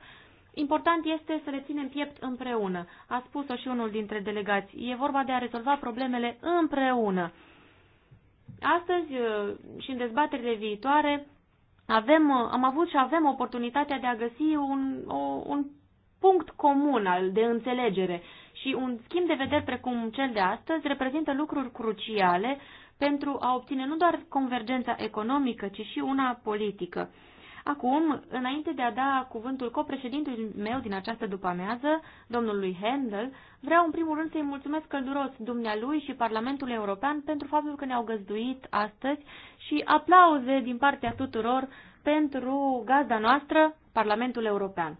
Important este să le ținem piept împreună, a spus-o și unul dintre delegați. E vorba de a rezolva problemele împreună. Astăzi uh, și în dezbaterile viitoare avem, uh, am avut și avem oportunitatea de a găsi un, o, un punct comun al de înțelegere și un schimb de vedere precum cel de astăzi reprezintă lucruri cruciale pentru a obține nu doar convergența economică, ci și una politică. Acum, înainte de a da cuvântul copreședintului meu din această după-amiază, domnului Handel, vreau în primul rând să-i mulțumesc călduros dumnealui și Parlamentul European pentru faptul că ne-au găzduit astăzi și aplauze din partea tuturor pentru gazda noastră, Parlamentul European.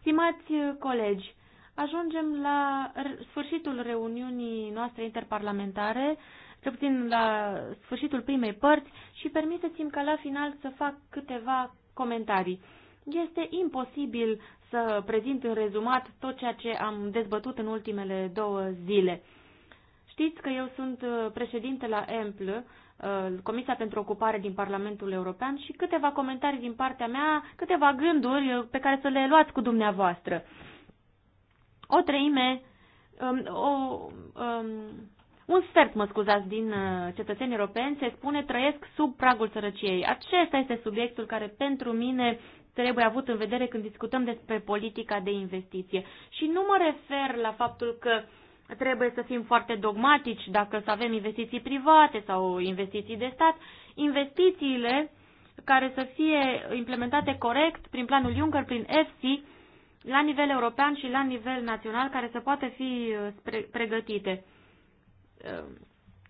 Stimați colegi, ajungem la sfârșitul reuniunii noastre interparlamentare cel puțin la sfârșitul primei părți și permiteți-mi ca la final să fac câteva comentarii. Este imposibil să prezint în rezumat tot ceea ce am dezbătut în ultimele două zile. Știți că eu sunt uh, președinte la EMPL, uh, Comisia pentru Ocupare din Parlamentul European și câteva comentarii din partea mea, câteva gânduri uh, pe care să le luați cu dumneavoastră. O treime, um, o, um, un sfert, mă scuzați, din uh, cetățenii europeni se spune trăiesc sub pragul sărăciei. Acesta este subiectul care pentru mine trebuie avut în vedere când discutăm despre politica de investiție. Și nu mă refer la faptul că trebuie să fim foarte dogmatici dacă să avem investiții private sau investiții de stat. Investițiile care să fie implementate corect prin planul Juncker, prin EFSI, la nivel european și la nivel național, care să poată fi uh, pregătite. Um,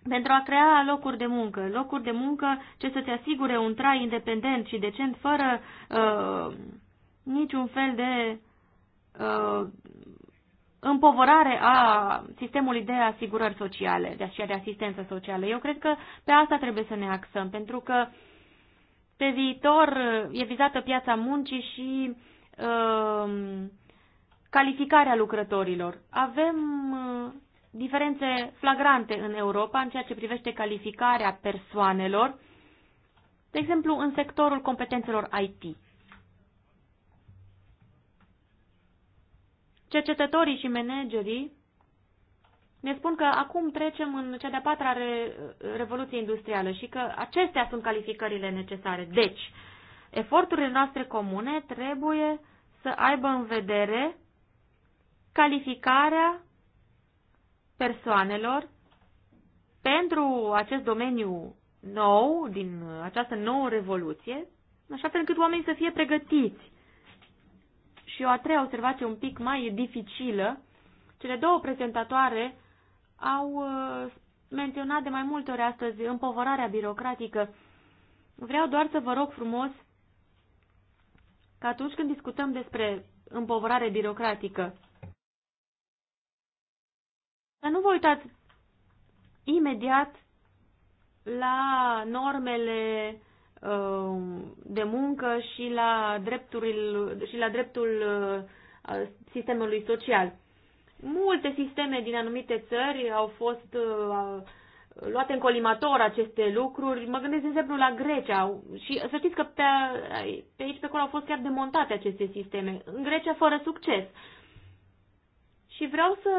pentru a crea locuri de muncă, locuri de muncă ce să-ți asigure un trai independent și decent, fără uh, niciun fel de uh, împovărare a sistemului de asigurări sociale și de asistență socială. Eu cred că pe asta trebuie să ne axăm, pentru că pe viitor uh, e vizată piața muncii și uh, calificarea lucrătorilor. Avem uh, diferențe flagrante în Europa în ceea ce privește calificarea persoanelor, de exemplu în sectorul competențelor IT. Cercetătorii și managerii ne spun că acum trecem în cea de-a patra re revoluție industrială și că acestea sunt calificările necesare. Deci, eforturile noastre comune trebuie să aibă în vedere calificarea persoanelor pentru acest domeniu nou, din această nouă revoluție, așa fel încât oamenii să fie pregătiți. Și o a treia observație un pic mai dificilă, cele două prezentatoare au uh, menționat de mai multe ori astăzi împovărarea birocratică. Vreau doar să vă rog frumos că atunci când discutăm despre împovărare birocratică, dar nu vă uitați imediat la normele uh, de muncă și la, drepturile, și la dreptul uh, sistemului social. Multe sisteme din anumite țări au fost uh, luate în colimator aceste lucruri. Mă gândesc, de exemplu, la Grecia. Și să știți că pe, pe aici, pe acolo, au fost chiar demontate aceste sisteme. În Grecia, fără succes. Și vreau să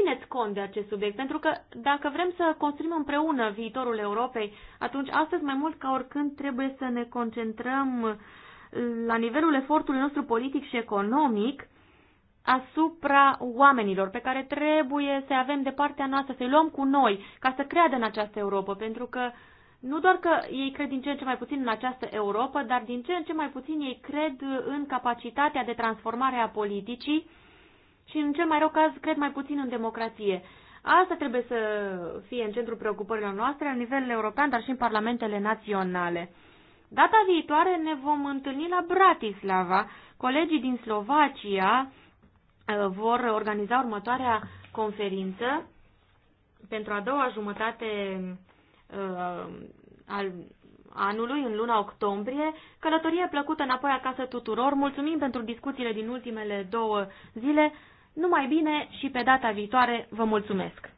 țineți cont de acest subiect, pentru că dacă vrem să construim împreună viitorul Europei, atunci astăzi mai mult ca oricând trebuie să ne concentrăm uh, la nivelul efortului nostru politic și economic asupra oamenilor pe care trebuie să avem de partea noastră, să-i luăm cu noi, ca să creadă în această Europa, pentru că nu doar că ei cred din ce în ce mai puțin în această Europa, dar din ce în ce mai puțin ei cred în capacitatea de transformare a politicii și, în cel mai rău caz, cred mai puțin în democrație. Asta trebuie să fie în centrul preocupărilor noastre, la nivel european, dar și în parlamentele naționale. Data viitoare ne vom întâlni la Bratislava. Colegii din Slovacia uh, vor organiza următoarea conferință pentru a doua jumătate uh, al anului, în luna octombrie. Călătorie plăcută înapoi acasă tuturor. Mulțumim pentru discuțiile din ultimele două zile. Numai bine și pe data viitoare vă mulțumesc!